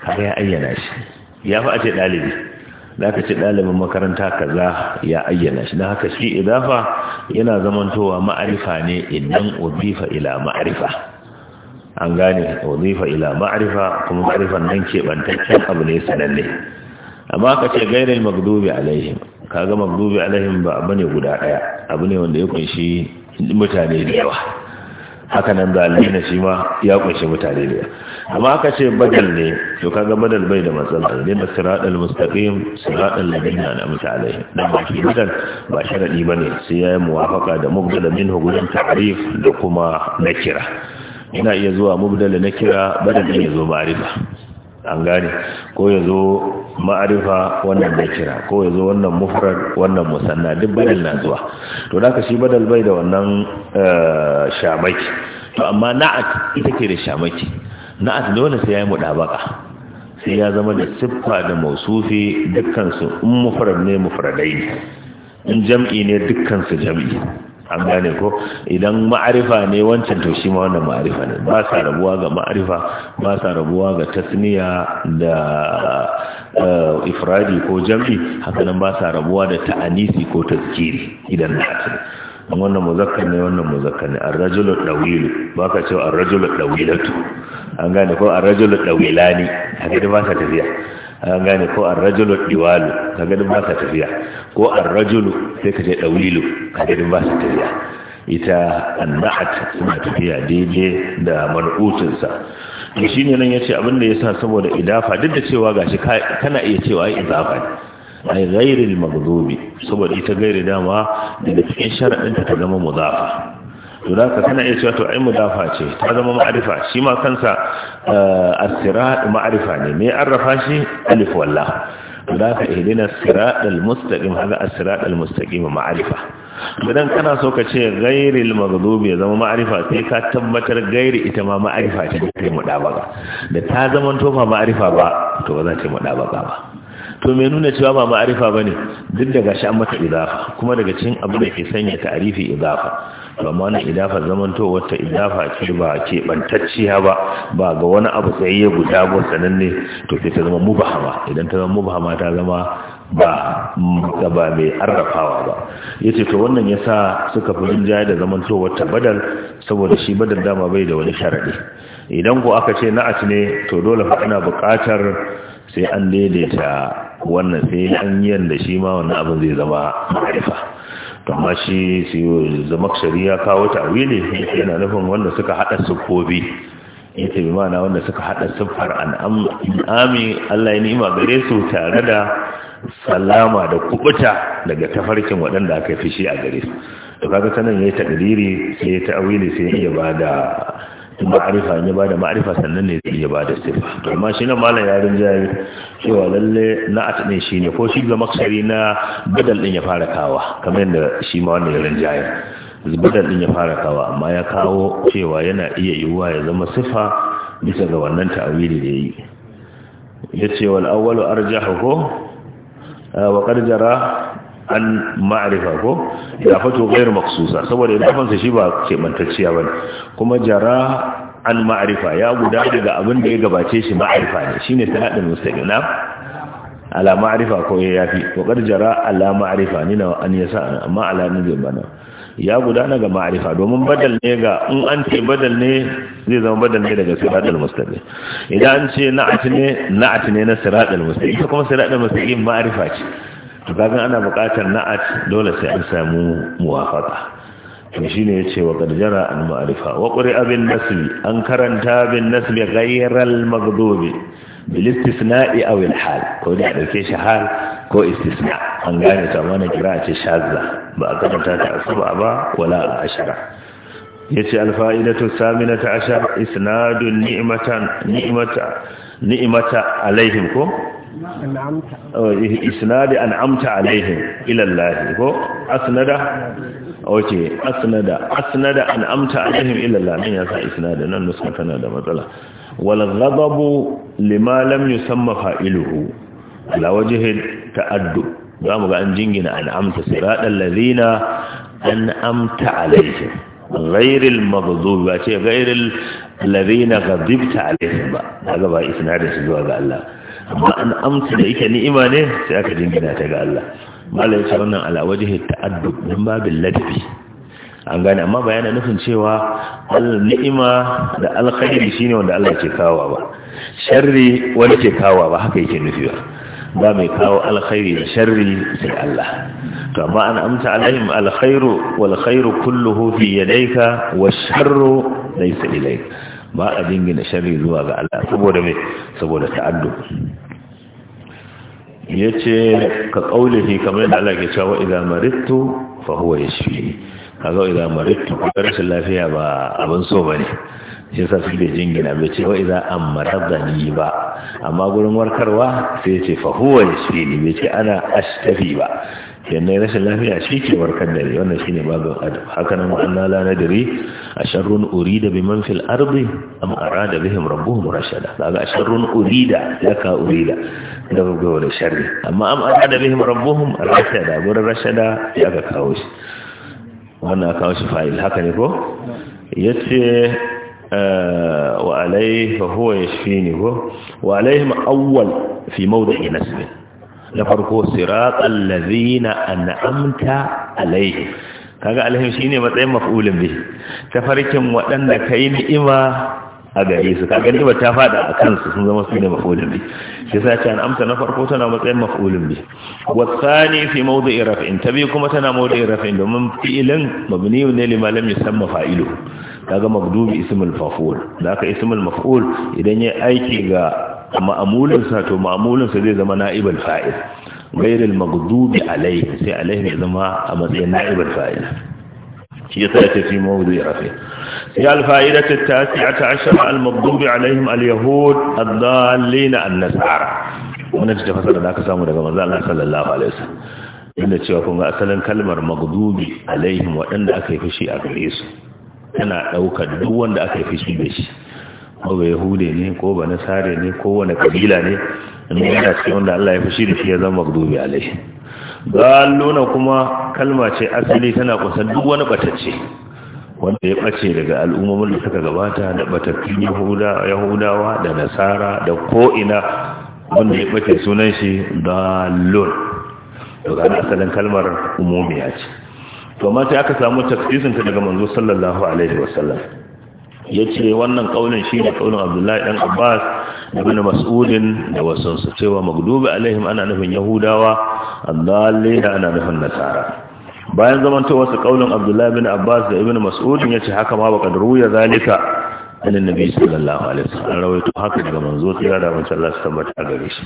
kare ya ayyana shi ya fi ake ɗalibi da ka ce ɗalibin makaranta kaza ya ayyana shi na haka shi idafa yana zamantowa ma'arifa ne idan ubifa ila ma'arifa an gane wazifa ila ma'arifa kuma ma'arifan nan keɓantaccen abu ne sananne amma ka ce gairin magdubi alaihim kaga magdubi alaihim ba abu ne guda ɗaya abu ne wanda ya kunshi mutane da yawa haka nan alina shi ma ya kunshi mutane da yawa amma aka ce badal ne to kaga badal bai da matsala ne ba siratal mustaqim siratal ladina na misalai dan ba shi badal ba sharadi bane sai yayi muwafaka da mubdala min hukumin ta'rif da kuma nakira ina iya zuwa mubdala nakira badal ne zo ma'rifa an gane ko ya zo ma'arifa wannan da kira ko ya zo wannan mufrad wannan musanna duk badal na zuwa to da ka shi badal bai da wannan eh, shamaki to amma na'at ita ke da shamaki na'at dole sai ya yi mudabaka sai ya zama da siffa da mausufi su in mufrad ne mufradai in jam'i ne su jam'i an gane ko idan ma'arifa ne wancan to shi ma wannan ma'arifa ne ba sa rabuwa ga ma'arifa ba sa rabuwa ga tasniya da eh, ifradi ko jam'i haka nan ba sa rabuwa da ta'anisi ko tazkiri idan na hatsi wannan muzakkar ne wannan muzakkar ne ar-rajulu dawilu ba ka ce ar-rajulu dawilatu an gane ko ar-rajulu dawilani haka dai ba sa tafiya an gane ko an rajulu diwalu ka din ba sa tafiya ko an rajulu sai ka je daulilu ka din ba sa tafiya ita annat suna tafiya daidai da manutunsa. to shine nan ya ce abin da sa saboda idafa duk da cewa gashi kana iya cewa ai idafa ne ai ghairil maghdubi saboda ita gairi dama da cikin sharadin ta zama mudafa to da ka kana iya cewa to ai mudafa ce ta zama ma'arifa shi ma kansa eh, asira ma'arifa ne me arrafa shi alif wallah to da ka ihdina siratal mustaqim hada asiratal mustaqim ma'arifa idan kana so ka ce ghairil maghdubi ya zama ma'arifa sai ka tabbatar gairi ita ma ma'arifa ce da kai ba. da ta zama to ba ma'arifa ba to ba za ta mudaba ba to mai nuna cewa ba ma'arifa bane duk daga shi an mata idafa kuma daga cikin abu da ke sanya ta'arifi idafa amma wannan idafa zamanto wata idafa ce ba ce bantacciya ba ba ga wani abu ya guda ba sananne to sai ta zama mubahama idan ta zama mubahama ta zama ba gaba mai arrafawa ba yace to wannan yasa suka fi rinjaye da zamantowar ta badal saboda shi badal dama bai da wani sharaɗi idan ko aka ce na'at ne to dole fa ana buƙatar sai an daidaita wannan sai an yi da shi ma wannan abin zai zama ma'arifa to amma shi siyo zamakshari ya kawo wili yana nufin wanda suka hada sufobi yake bi mana wanda suka hada siffar an'ami Allah ya nima gare su tare da salama da kubuta daga tafarkin waɗanda aka fi shi a gare su to kaga sanan yi takdiri sai ya ta'awili sai ya da. ma'arifa ya ba da ma'arifa sannan ne zai ya ba da sifa to amma shi nan malam yarin jayi cewa lalle na at shi ne. ko shi ga maksari na badal din ya fara kawa kamar yadda shi ma wannan yarin jayi badal din ya fara kawa amma ya kawo cewa yana iya yiwuwa ya zama sifa bisa ga wannan ta'awili da yayi ya wal awwalu arjahu ko wa qad jara an ma'arifa ko idafatu gairu maksusa saboda idafansa shi ba kebantacciya bane kuma jara an ma'arifa ya guda daga abin da ya gabace shi ma'arifa ne shine ta mustaqil na ala ma'arifa ko ya yafi to kar jara ala ma'arifa ni na an yasa amma ala ni zai bana ya guda na ga ma'arifa domin badal ne ga in an ce badal ne zai zama badal ne daga siratul mustaqim idan an ce na'at ne na'at ne na siratul mustaqim kuma siratul mustaqim ma'arifa ce to ana buƙatar na'at dole sai an samu muwafaka to ya yace wa qad an al wa quri'a an karanta abin nasbi ghayra Magdobi. maghdubi bil istisna'i hal ko da ɗauke shi hal ko istisna an gane ta wannan kira ce shazza ba a karanta ta asaba ba wala ashara yace alfa'idatu saminata ashar isnadun ni'matan ni'mata ni'mata alaihim ko Oh, isnadi an amta alaihim ilallahi ko asnada oke asnada asnada an amta alaihim ilallahi nan ya sa isnada nan nuska tana da matsala wal ghadabu lima lam yusamma fa'iluhu ala wajhi ta'addu zamu ga an jingina an amta siratal ladina an amta alaihim ghairil maghdubi ba ce ghairil ladina ghadibta alaihim ba daga ba isnadin su zuwa ga Allah amma an amsa da yake ni'ima ne sai aka jingina ta ga Allah malai ce wannan alawajihi ta'addu min babin ladabi an gane amma bayanin nufin cewa ni'ima da alkhairi shine wanda Allah ke kawo ba sharri wanda ke kawo ba haka yake nufi ba ba mai kawo alkhairi da sharri sai Allah to amma an amsa alaihim alkhairu wal khairu kulluhu fi yadayka wash sharru laysa ilayka ba a dingina sharri zuwa ga Allah saboda mai saboda ta'addu yace ka kaulihi kamar yadda Allah ke cewa idan maritu fa huwa yashfi kaga maritu maridtu rashin lafiya ba abin so bane shi yasa su da jingina bai ce wa idza ni ba amma gurin warkarwa sai ya ce fa huwa yashfi bai ce ana ashtafi ba kenan rashin lafiya shi ke warkar da ni wannan shine babin adab haka nan Allah la nadri asharrun urida biman fil ardi am arada bihim rabbuhum rashada daga asharrun urida laka urida da gogo da sharri amma am arada bihim rabbuhum rashada gurin rashada ya ga kawo shi wannan kawo shi fa'il haka ne ko yace wa alai fa huwa yashfini ko wa alaihim awwal fi mawdi'i nasbi na farko siratal ladzina an'amta alaihi kaga alhim shine matsayin maf'ulin bi tafarkin waɗanda kai ni'ima a gare su kaga ni'ima ta fada a kansu sun zama sune maf'ulin bi shi sa ta na farko tana matsayin maf'ulin bi wasani fi mawdi'i raf'in tabi kuma tana mawdi'i raf'in domin fi'ilin mabni ne li malam yusamma fa'iluhu kaga mabdubi ismul maf'ul da ka ismul maf'ul idan ya aiki ga ma'amulinsa to ma'amulinsa zai zama na'ibul fa'il ghairul maghdubi alaihi sai alaihi ya zama a matsayin na'ibul fa'il shi yasa yake fi ya rafi ya al-fa'ida at-tasi'ata 'ashara al-maghdubi alaihim al-yahud ad-dallin an-nasara wannan ce fasara da aka samu daga manzo Allah sallallahu alaihi wasallam inda cewa kun ga asalin kalmar maghdubi alaihim waɗanda aka yi fushi a gare su tana ɗaukar duk wanda aka yi fushi da shi ko ba yahude ne ko ba nasare ne ko wani kabila ne in yana wanda Allah ya fushi da shi ya zama magdubi alaihi dalluna kuma kalma ce asali tana kusan duk wani batacce wanda ya bace daga al'ummomin da suka gabata da batattun yahudawa da nasara da ko ina wanda ya bace sunan shi to ga asalin kalmar umumiya ce to amma sai aka samu tafsirin ta daga manzo sallallahu alaihi wasallam ya ce wannan kaulin shi ne ƙaunin abdullahi ɗan abbas ibn mas'udin da wasu su cewa magdubi alaihim ana nufin yahudawa adalli da ana nufin nasara bayan zaman ta wasu ƙaunin abdullahi bin abbas da ibn mas'udin ya ce haka ma baka ruya zalika annan nabi sallallahu alaihi wasallam rawaito haka daga manzo tsira da manzo Allah subhanahu gare shi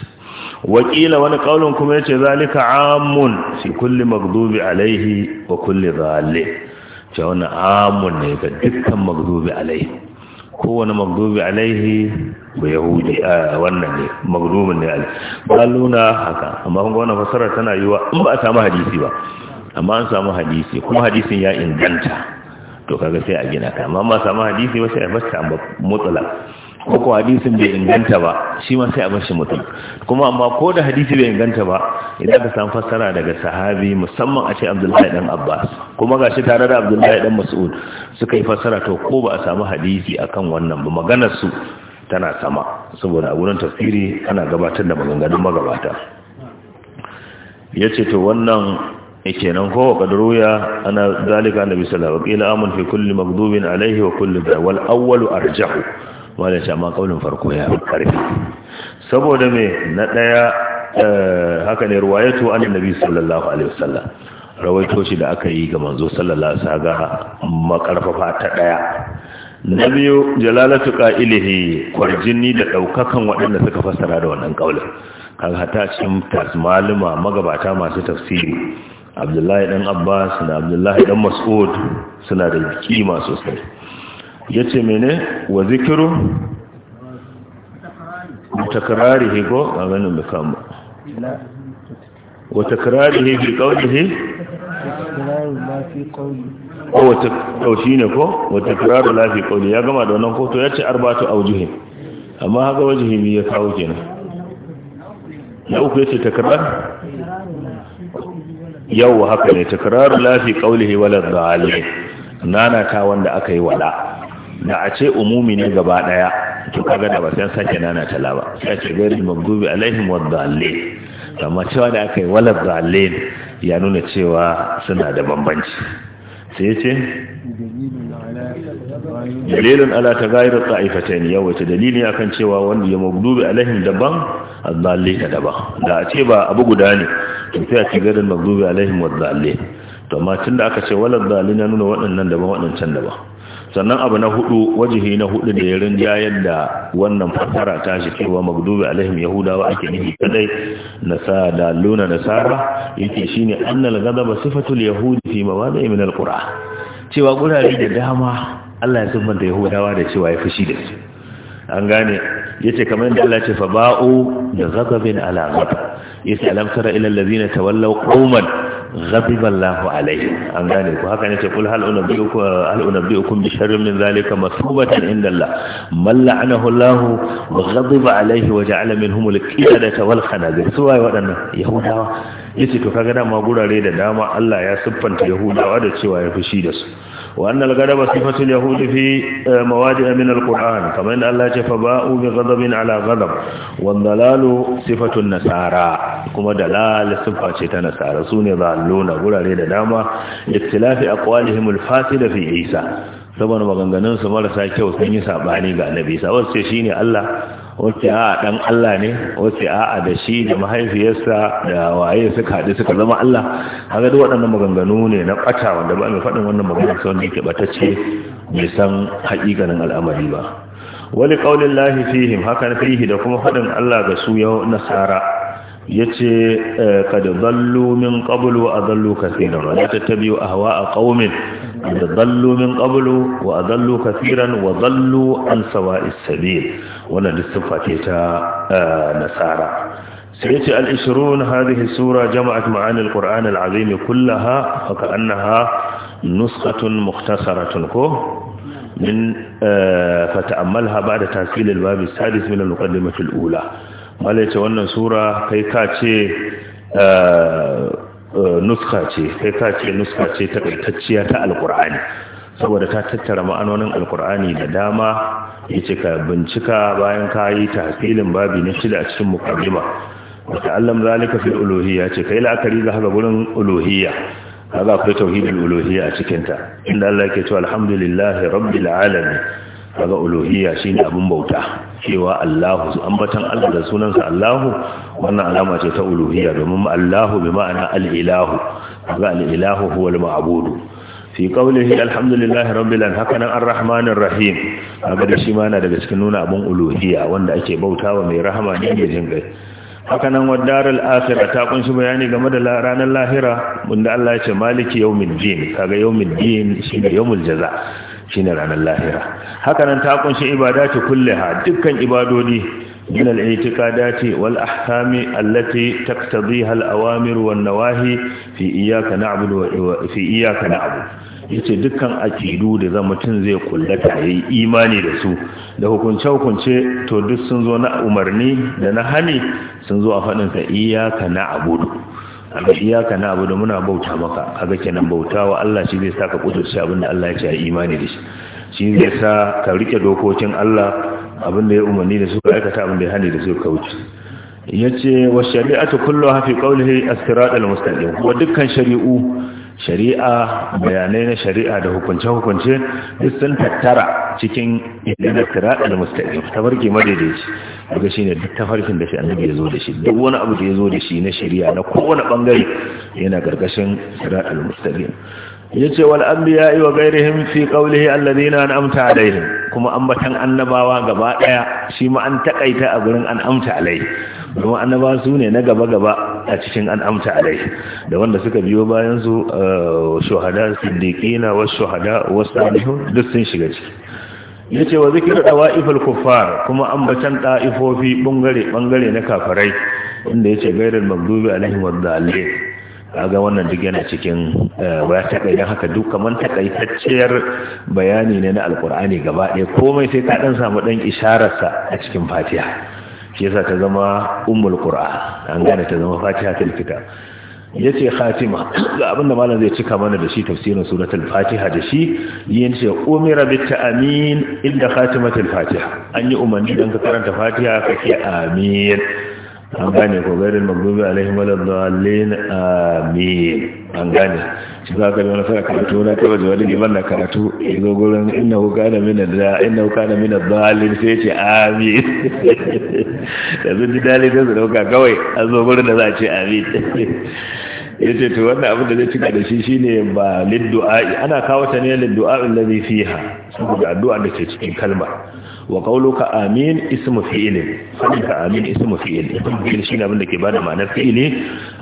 wakila wani kaulin kuma ya ce zalika amun fi kulli magdubi alaihi wa kulli Rale. cewa wannan amun ne ga dukkan magdubi alaihi kowane magdubi alaihi ba yahudi a wannan ne magdubin ne alaihi ba luna haka amma kuma wannan fasara tana yiwa in ba a samu hadisi ba amma an samu hadisi kuma hadisin ya inganta to kaga sai a gina ka amma ba samu hadisi ba sai a basta mutsala ko ko hadisin bai inganta ba shi ma sai a bar shi mutum kuma amma ko da hadisi bai inganta ba idan ka san fassara daga sahabi musamman a ce Abdullahi dan Abbas kuma gashi tare da Abdullahi dan Mas'ud suka yi fassara to ko ba a samu hadisi akan wannan ba maganar su tana sama saboda a gurin tafsiri ana gabatar da maganganun magabata yace to wannan kenan ko wa kadruya ana zalika annabi sallallahu alaihi sallam qila amun fi kulli maghdubin alaihi wa kulli da wal awwalu arjahu wanda ce shama kaunin farko ya karfi saboda me na daya eh, haka ne ruwayatu annabi sallallahu alaihi wasallam rawaito shi da aka yi ga manzo sallallahu alaihi wasallam ga makarfafa ta ɗaya. na biyu jalalatu qa'ilihi kwarjini da daukakan waɗanda suka fassara da wannan kaulin kaga hata cikin tasmaluma magabata masu tafsiri abdullahi dan abbas da abdullahi dan mas'ud suna da kima sosai ya ce mene wa zikiru takrarihi ko a ganin da kama wa takrarihi fi qawlihi ko wata kaushi ne ko lafi kauli ya gama da wannan koto ya ce arbatu aujihin amma haka wajihi ne ya kawo kenan na uku ya ce takrar yau haka ne takraru lafi qawlihi wala dhalin nana ta wanda aka yi wala da a ce umumi ne gaba daya to kaga da ba san sake nana tala ba sai ce gairi magdubi alaihim waddallin amma cewa da aka yi wala dalil ya nuna cewa suna da bambanci sai ya ce dalilin ala ta gairu ta'ifatain wata dalili kan cewa wanda ya magdubi alaihim daban adalli ta daban da a ce ba abu guda ne to sai a ce garin magdubi alaihim wadalli to amma tunda aka ce wala dalil ya nuna waɗannan daban waɗancan daban sannan abu na hudu wajihi na hudu da ya rinjayar da wannan fassara ta shi cewa magdubi alaihim yahudawa ake nufi kadai da luna nasara yake shine annal ghadaba sifatul yahudi fi mawadi min alqura cewa gurare da dama Allah ya sumbanta yahudawa da cewa ya fushi da su an gane yace kamar yadda Allah ya ce fa ba'u da ghadabin ala ghadab yace alam tara ila allazina tawallaw qauman غضب الله an gane ku haka ne ce kul hal unabiyukum hal bi sharrin min zalika masubatan inda Allah man la'anahu Allah wa ghadiba alaihi wa ja'ala minhum al-qiyadata wal khanazir su wadannan yahudawa yace to kaga dama gurare da dama Allah ya siffanta yahudawa da cewa ya fushi da su وأن الغضب صفة اليهود في مواضع من القرآن كما أن الله جف باءوا بغضب على غضب والضلال صفة النصارى كما دلال صفة النصارى سون ضالون غرر دما اختلاف أقوالهم الفاسدة في عيسى saboda maganganunsu marasa kyau sun yi saɓani ga annabi sa wasu ce shine Allah wace a dan Allah ne wace a da shi da mahaifiyarsa da waye suka haɗu suka zama Allah haka duk waɗannan maganganu ne na ɓata wanda ba mai faɗin wannan magana sai wanda yake ɓatacce bai san haƙiƙanin al'amari ba wani ƙaunin lahi fihim haka na fihi da kuma faɗin Allah ga su yau nasara ya ce eh, ka zallu min ƙabulu a zallu kasiran wa ta biyu a hawa a ƙaumin da zallu min ƙabulu wa a zallu kasiran wa zallu an sawa isabil wannan duk siffa ce ta eh, nasara sai ce al-ishrun hadhihi sura jama'at ma'ani al-qur'an al-azim kullaha fa ka'annaha nuskhatun mukhtasaratun ko min eh, fata'ammalha ba'da tafsil al-bab as-sadis min al-muqaddimah al-ula wala ce wannan sura kai ka ce eh, nuskha ce kai ka ce nuskha ce takaitacciya ta al-qur'ani saboda ta tattara ma'anonin alkur'ani da dama ya ce ka bincika bayan ka yi ta tahsilin babi na shida a cikin muqaddima wa ta'allam zalika fil uluhiyya ce kai la'akari a haka gurin uluhiyya kaga akwai tauhidin uluhiyya a cikin ta inda Allah ke cewa alhamdulillahi rabbil alamin uluhiya uluhiyya ne abin bauta cewa Allahu su ambatan Allah da sunansa Allahu wannan alama ce ta uluhiyya domin Allahu bi ma'ana al-ilahu ga al-ilahu huwa al fi qawlihi alhamdulillahi rabbil Hakanan an nan arrahmanir rahim a da shi ma yana daga cikin nuna abun uluhiyya wanda ake bautawa mai rahama ne mai jin kai Hakanan waddar wadarul akhirah ta kunshi bayani game da ranar lahira wanda Allah ya ce maliki yawmid din kaga yawmid din shine yawmul jaza shine ranar lahira hakanan nan ta kunshi ibadati kulliha dukkan ibadodi min al-i'tiqadati wal ahkami allati taqtadiha al-awamir wan nawahi fi iyyaka na'budu wa fi iyyaka na'budu yace dukkan akidu da za mutum zai kullata yayi imani da su da hukunce hukunce to duk sun zo na umarni da na hani sun zo a faɗin ka iyyaka abudu. amma iyyaka abudu muna bauta maka kaga kenan bautawa Allah shi zai saka kudurci abinda Allah ya ce imani da shi shi zai sa ka rike dokokin Allah abinda ya umarni da su ka aikata abinda ya hani da su ka wuce yace wa shari'atu kulluha fi qawlihi as al mustaqim wa dukkan shari'u shari'a bayanai na shari'a da hukunce-hukunce duk sun tattara cikin idan kira al ta barke madaidaici daga ne duk tafarkin da shi annabi ya zo da shi duk wani abu da ya zo da shi na shari'a na kowane ɓangare yana karkashin kira al-mustaqim yace wal biya wa ghairihim fi na an amta alaihim kuma ambatan annabawa gaba ɗaya. shi ma an taƙaita a gurin amta alaihi domin annaba su ne na gaba-gaba a cikin amta alai da wanda suka biyo bayan su eh, shuhada siddiqina wasu shuhada wasu salihun duk sun shiga ciki yace wa zikr dawaiful kuffar kuma bacan daifofi bangare bangare na kafarai inda yace gairul maghdubi alaihim a kaga wannan duk yana cikin baya eh, ta kai dan haka duk kaman takaitacciyar bayani ne na al'kur'ani gaba ɗaya komai sai ka ɗan samu ɗan isharar sa a cikin fatiha shi yasa ta zama ummul qur'a an gane ta zama fatiha ta kitab yace khatima ga abin da malam zai cika mana da shi tafsirin suratul fatiha da shi yace umira bit ta'min inda khatimatul fatiha an yi umarni dan ka karanta fatiha ka ce amin an gane ko gairin magdubi alaihim waladhalin amin an gane shi za ka wani fara karatu na ta waje wani liman na karatu ya zo gurin ina huka na mina da ina huka na mina dalil sai ce amin da sun ji dalil sai su dauka kawai an zo gurin da za a ce amin ya ce to wannan abin da zai cika da shi ne ba liddu'a'i ana kawo ta ne liddu'a'in ladhi fiha saboda addu'a da ke cikin kalmar wa qauluka amin ismu fi'il fadinka amin ismu fi'il ismu fi'il shine abin da ke bada ma'anar fi'ili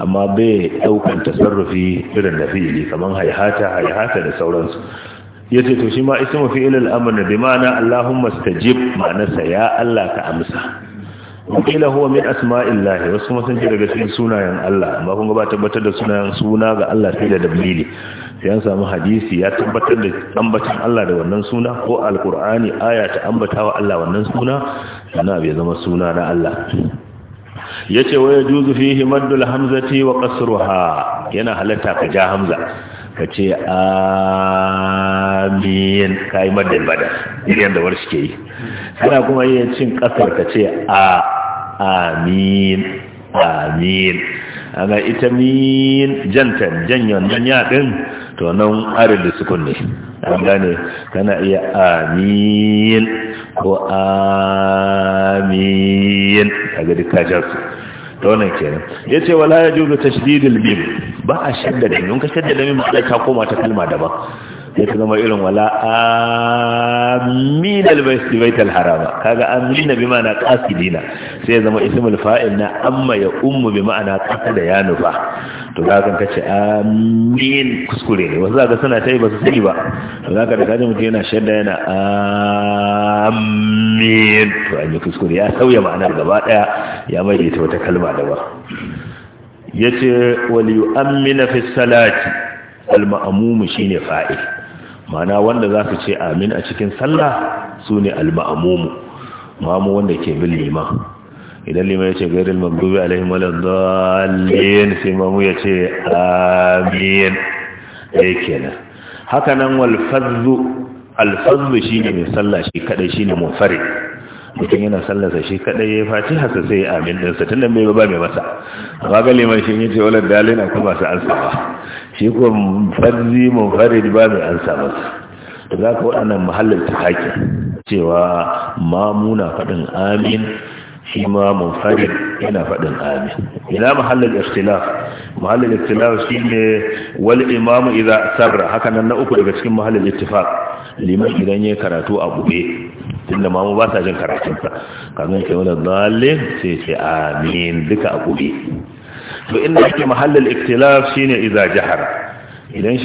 amma bai daukan tasarrufi irin da fi'ili kaman hayhata hayhata da sauransu yace to shi ma ismu fi'il al-amr bi ma'ana Allahumma stajib sa ya Allah ka amsa wakila huwa min asma'illahi wasu sun ce ga cikin sunayen Allah amma kun ga ba tabbatar da sunayen suna ga Allah sai da dalili sai an samu hadisi ya tabbatar da ambatan Allah da wannan suna ko alkur'ani aya ta ambata wa Allah wannan suna suna bai zama suna na Allah yace waya juzu fi maddul hamzati wa qasruha yana halatta ka ja hamza ka ce amin ka yi maddin bada irin da warshi ke yi kana kuma iya cin kasar ka ce a amin amin ana ita min jantan janyon nan yaɗin to nan arin da sukun ne an gane kana iya amin ko amin a gari kajarsu ta wannan kenan ya ce wala ya juzu tashidil bim ba a shaddada in ka shaddada mim koma ta kalma daban sai ta zama irin wala amin albayt alharama kaga na bi ma'ana qasidina sai ya zama ismul fa'il na amma ya ummu bi ma'ana da ya nufa to ka kace amin kuskure ne wasu zaka suna tai ba su sani ba to zaka da kaje mutum yana shadda yana amin to an yi kuskure ya sauya ma'ana gaba daya ya mai ita wata kalma da daban yace wal Amina fi salati al-ma'mum shine fa'il mana wanda za su ce amin a cikin sallah su ne alma'amumu mamu wanda ke bin liman idan liman ya ce gairil magdubi alaihim waladdallin sai mamu ya ce amin ke eh, kenan haka nan walfazzu alfazzu ne mai sallah shi kadai shine munfarid mutum yana sallasa shi kadai ya faci hasa sai amin dinsa tun nan bai ba mai masa amma ga liman shi yace wala dalil ba su ansa ba shi ko farzi munfarid ba mai ansa masa to zaka wadannan mahallin tafakin cewa mamuna fadin amin shi ma munfarid yana faɗin amin ila mahallin ikhtilaf mahallin ikhtilaf shine wal imamu idza sarra haka nan na uku daga cikin mahallin ittifaq liman idan ya karatu a buɗe tun da mamu ba sa jin karatunsa kamin ke wani dalil sai ce amin duka a buɗe to inda ake mahallin iktilaf shine iza jihar idan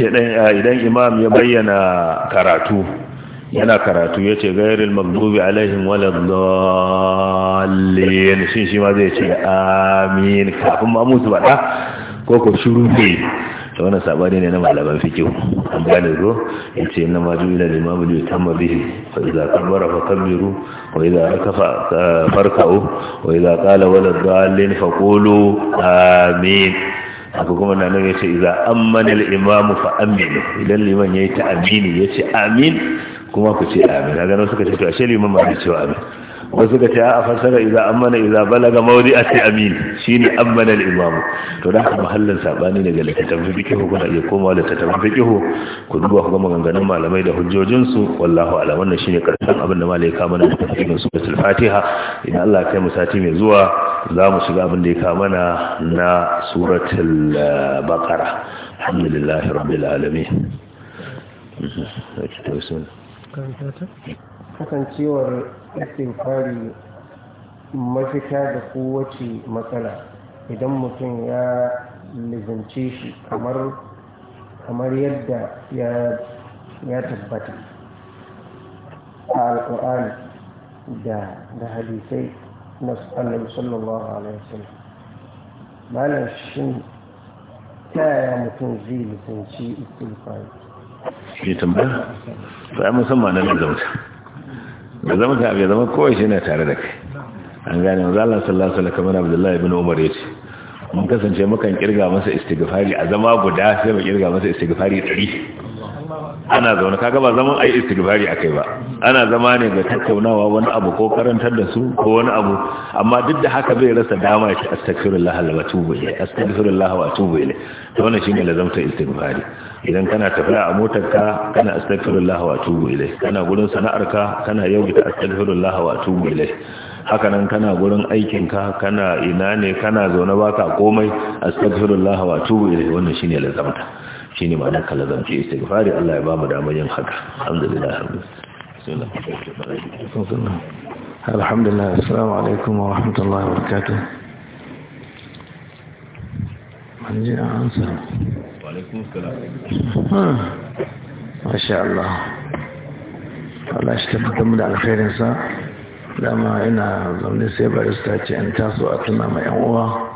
idan imam ya bayyana karatu yana karatu ya ce gairil magdubi alaihim waladdallin shin shi ma zai ce amin kafin Mamu musu bada ko ko shuru ne to wani sabari ne na malaban fikin an gane zo ce na ila ne limamu ta yutamma bihi ko idza kabbara fa kabbiru ko idza rakafa farka'u wa idza qala wala dallin fa qulu amin haka kuma na nan yace idza ammana al-imamu fa aminu idan liman yayi ta amini yace amin kuma ku ce amin kaga nan suka ce to ashe liman ma ya ce amin wasu ka ce a fasara idza amana idza balaga mawdi ati amin shine amana al-imam to da haka mahallin sabani daga littafin fiqh ko da iya komawa littafin fiqh ku duba ku ga maganganun malamai da hujjojin su wallahu ala wannan shine karshen abin da malai ka mana da cikin suratul fatiha idan Allah ya kai mu sati mai zuwa za mu shiga abin da ya ka mana na suratul eh, baqara alhamdulillahi rabbil alamin mhm. karanta ta kasancewar istighfari mafita da kowace matsala idan mutum ya lizance shi kamar yadda ya tabbata a alƙur'ani da da hadisai na annabi sallallahu alaihi wasallam malam shin ta yaya mutum zai lisanci istighfari shi tambaya ba ai musamman na zamta da zamta bai zama kowai shi na tare da kai an gane wanzu Allah sallallahu kamar Abdullahi bin Umar ya ce mun kasance mukan kirga masa istighfari a zama guda sai mu kirga masa istighfari 100 ana zaune kaga ba zaman ai istighfari akai ba ana zama ne ga tattaunawa wani abu ko karantar da su ko wani abu amma duk da haka bai rasa dama shi astaghfirullah wa atubu ilai astaghfirullah wa tubu ilai to wannan shine lazamta istighfari idan kana tafiya a motarka kana astaghfirullah wa atubu ilai kana gurin sana'arka kana yawaita astaghfirullah wa atubu ilai haka nan kana gurin aikinka kana ina ne kana zaune baka komai astaghfirullah wa atubu ilai wannan shine lazamta shine ma dan kallon zamce istighfari Allah ya ba mu damar yin haka alhamdulillah alhamdulillah assalamu alaikum wa rahmatullahi wa barakatuh an an ما شاء الله الله يشتبه تمد على خير انسان لما انا ظلني سيبا يستاتي انتاسو اتنا ما يعوه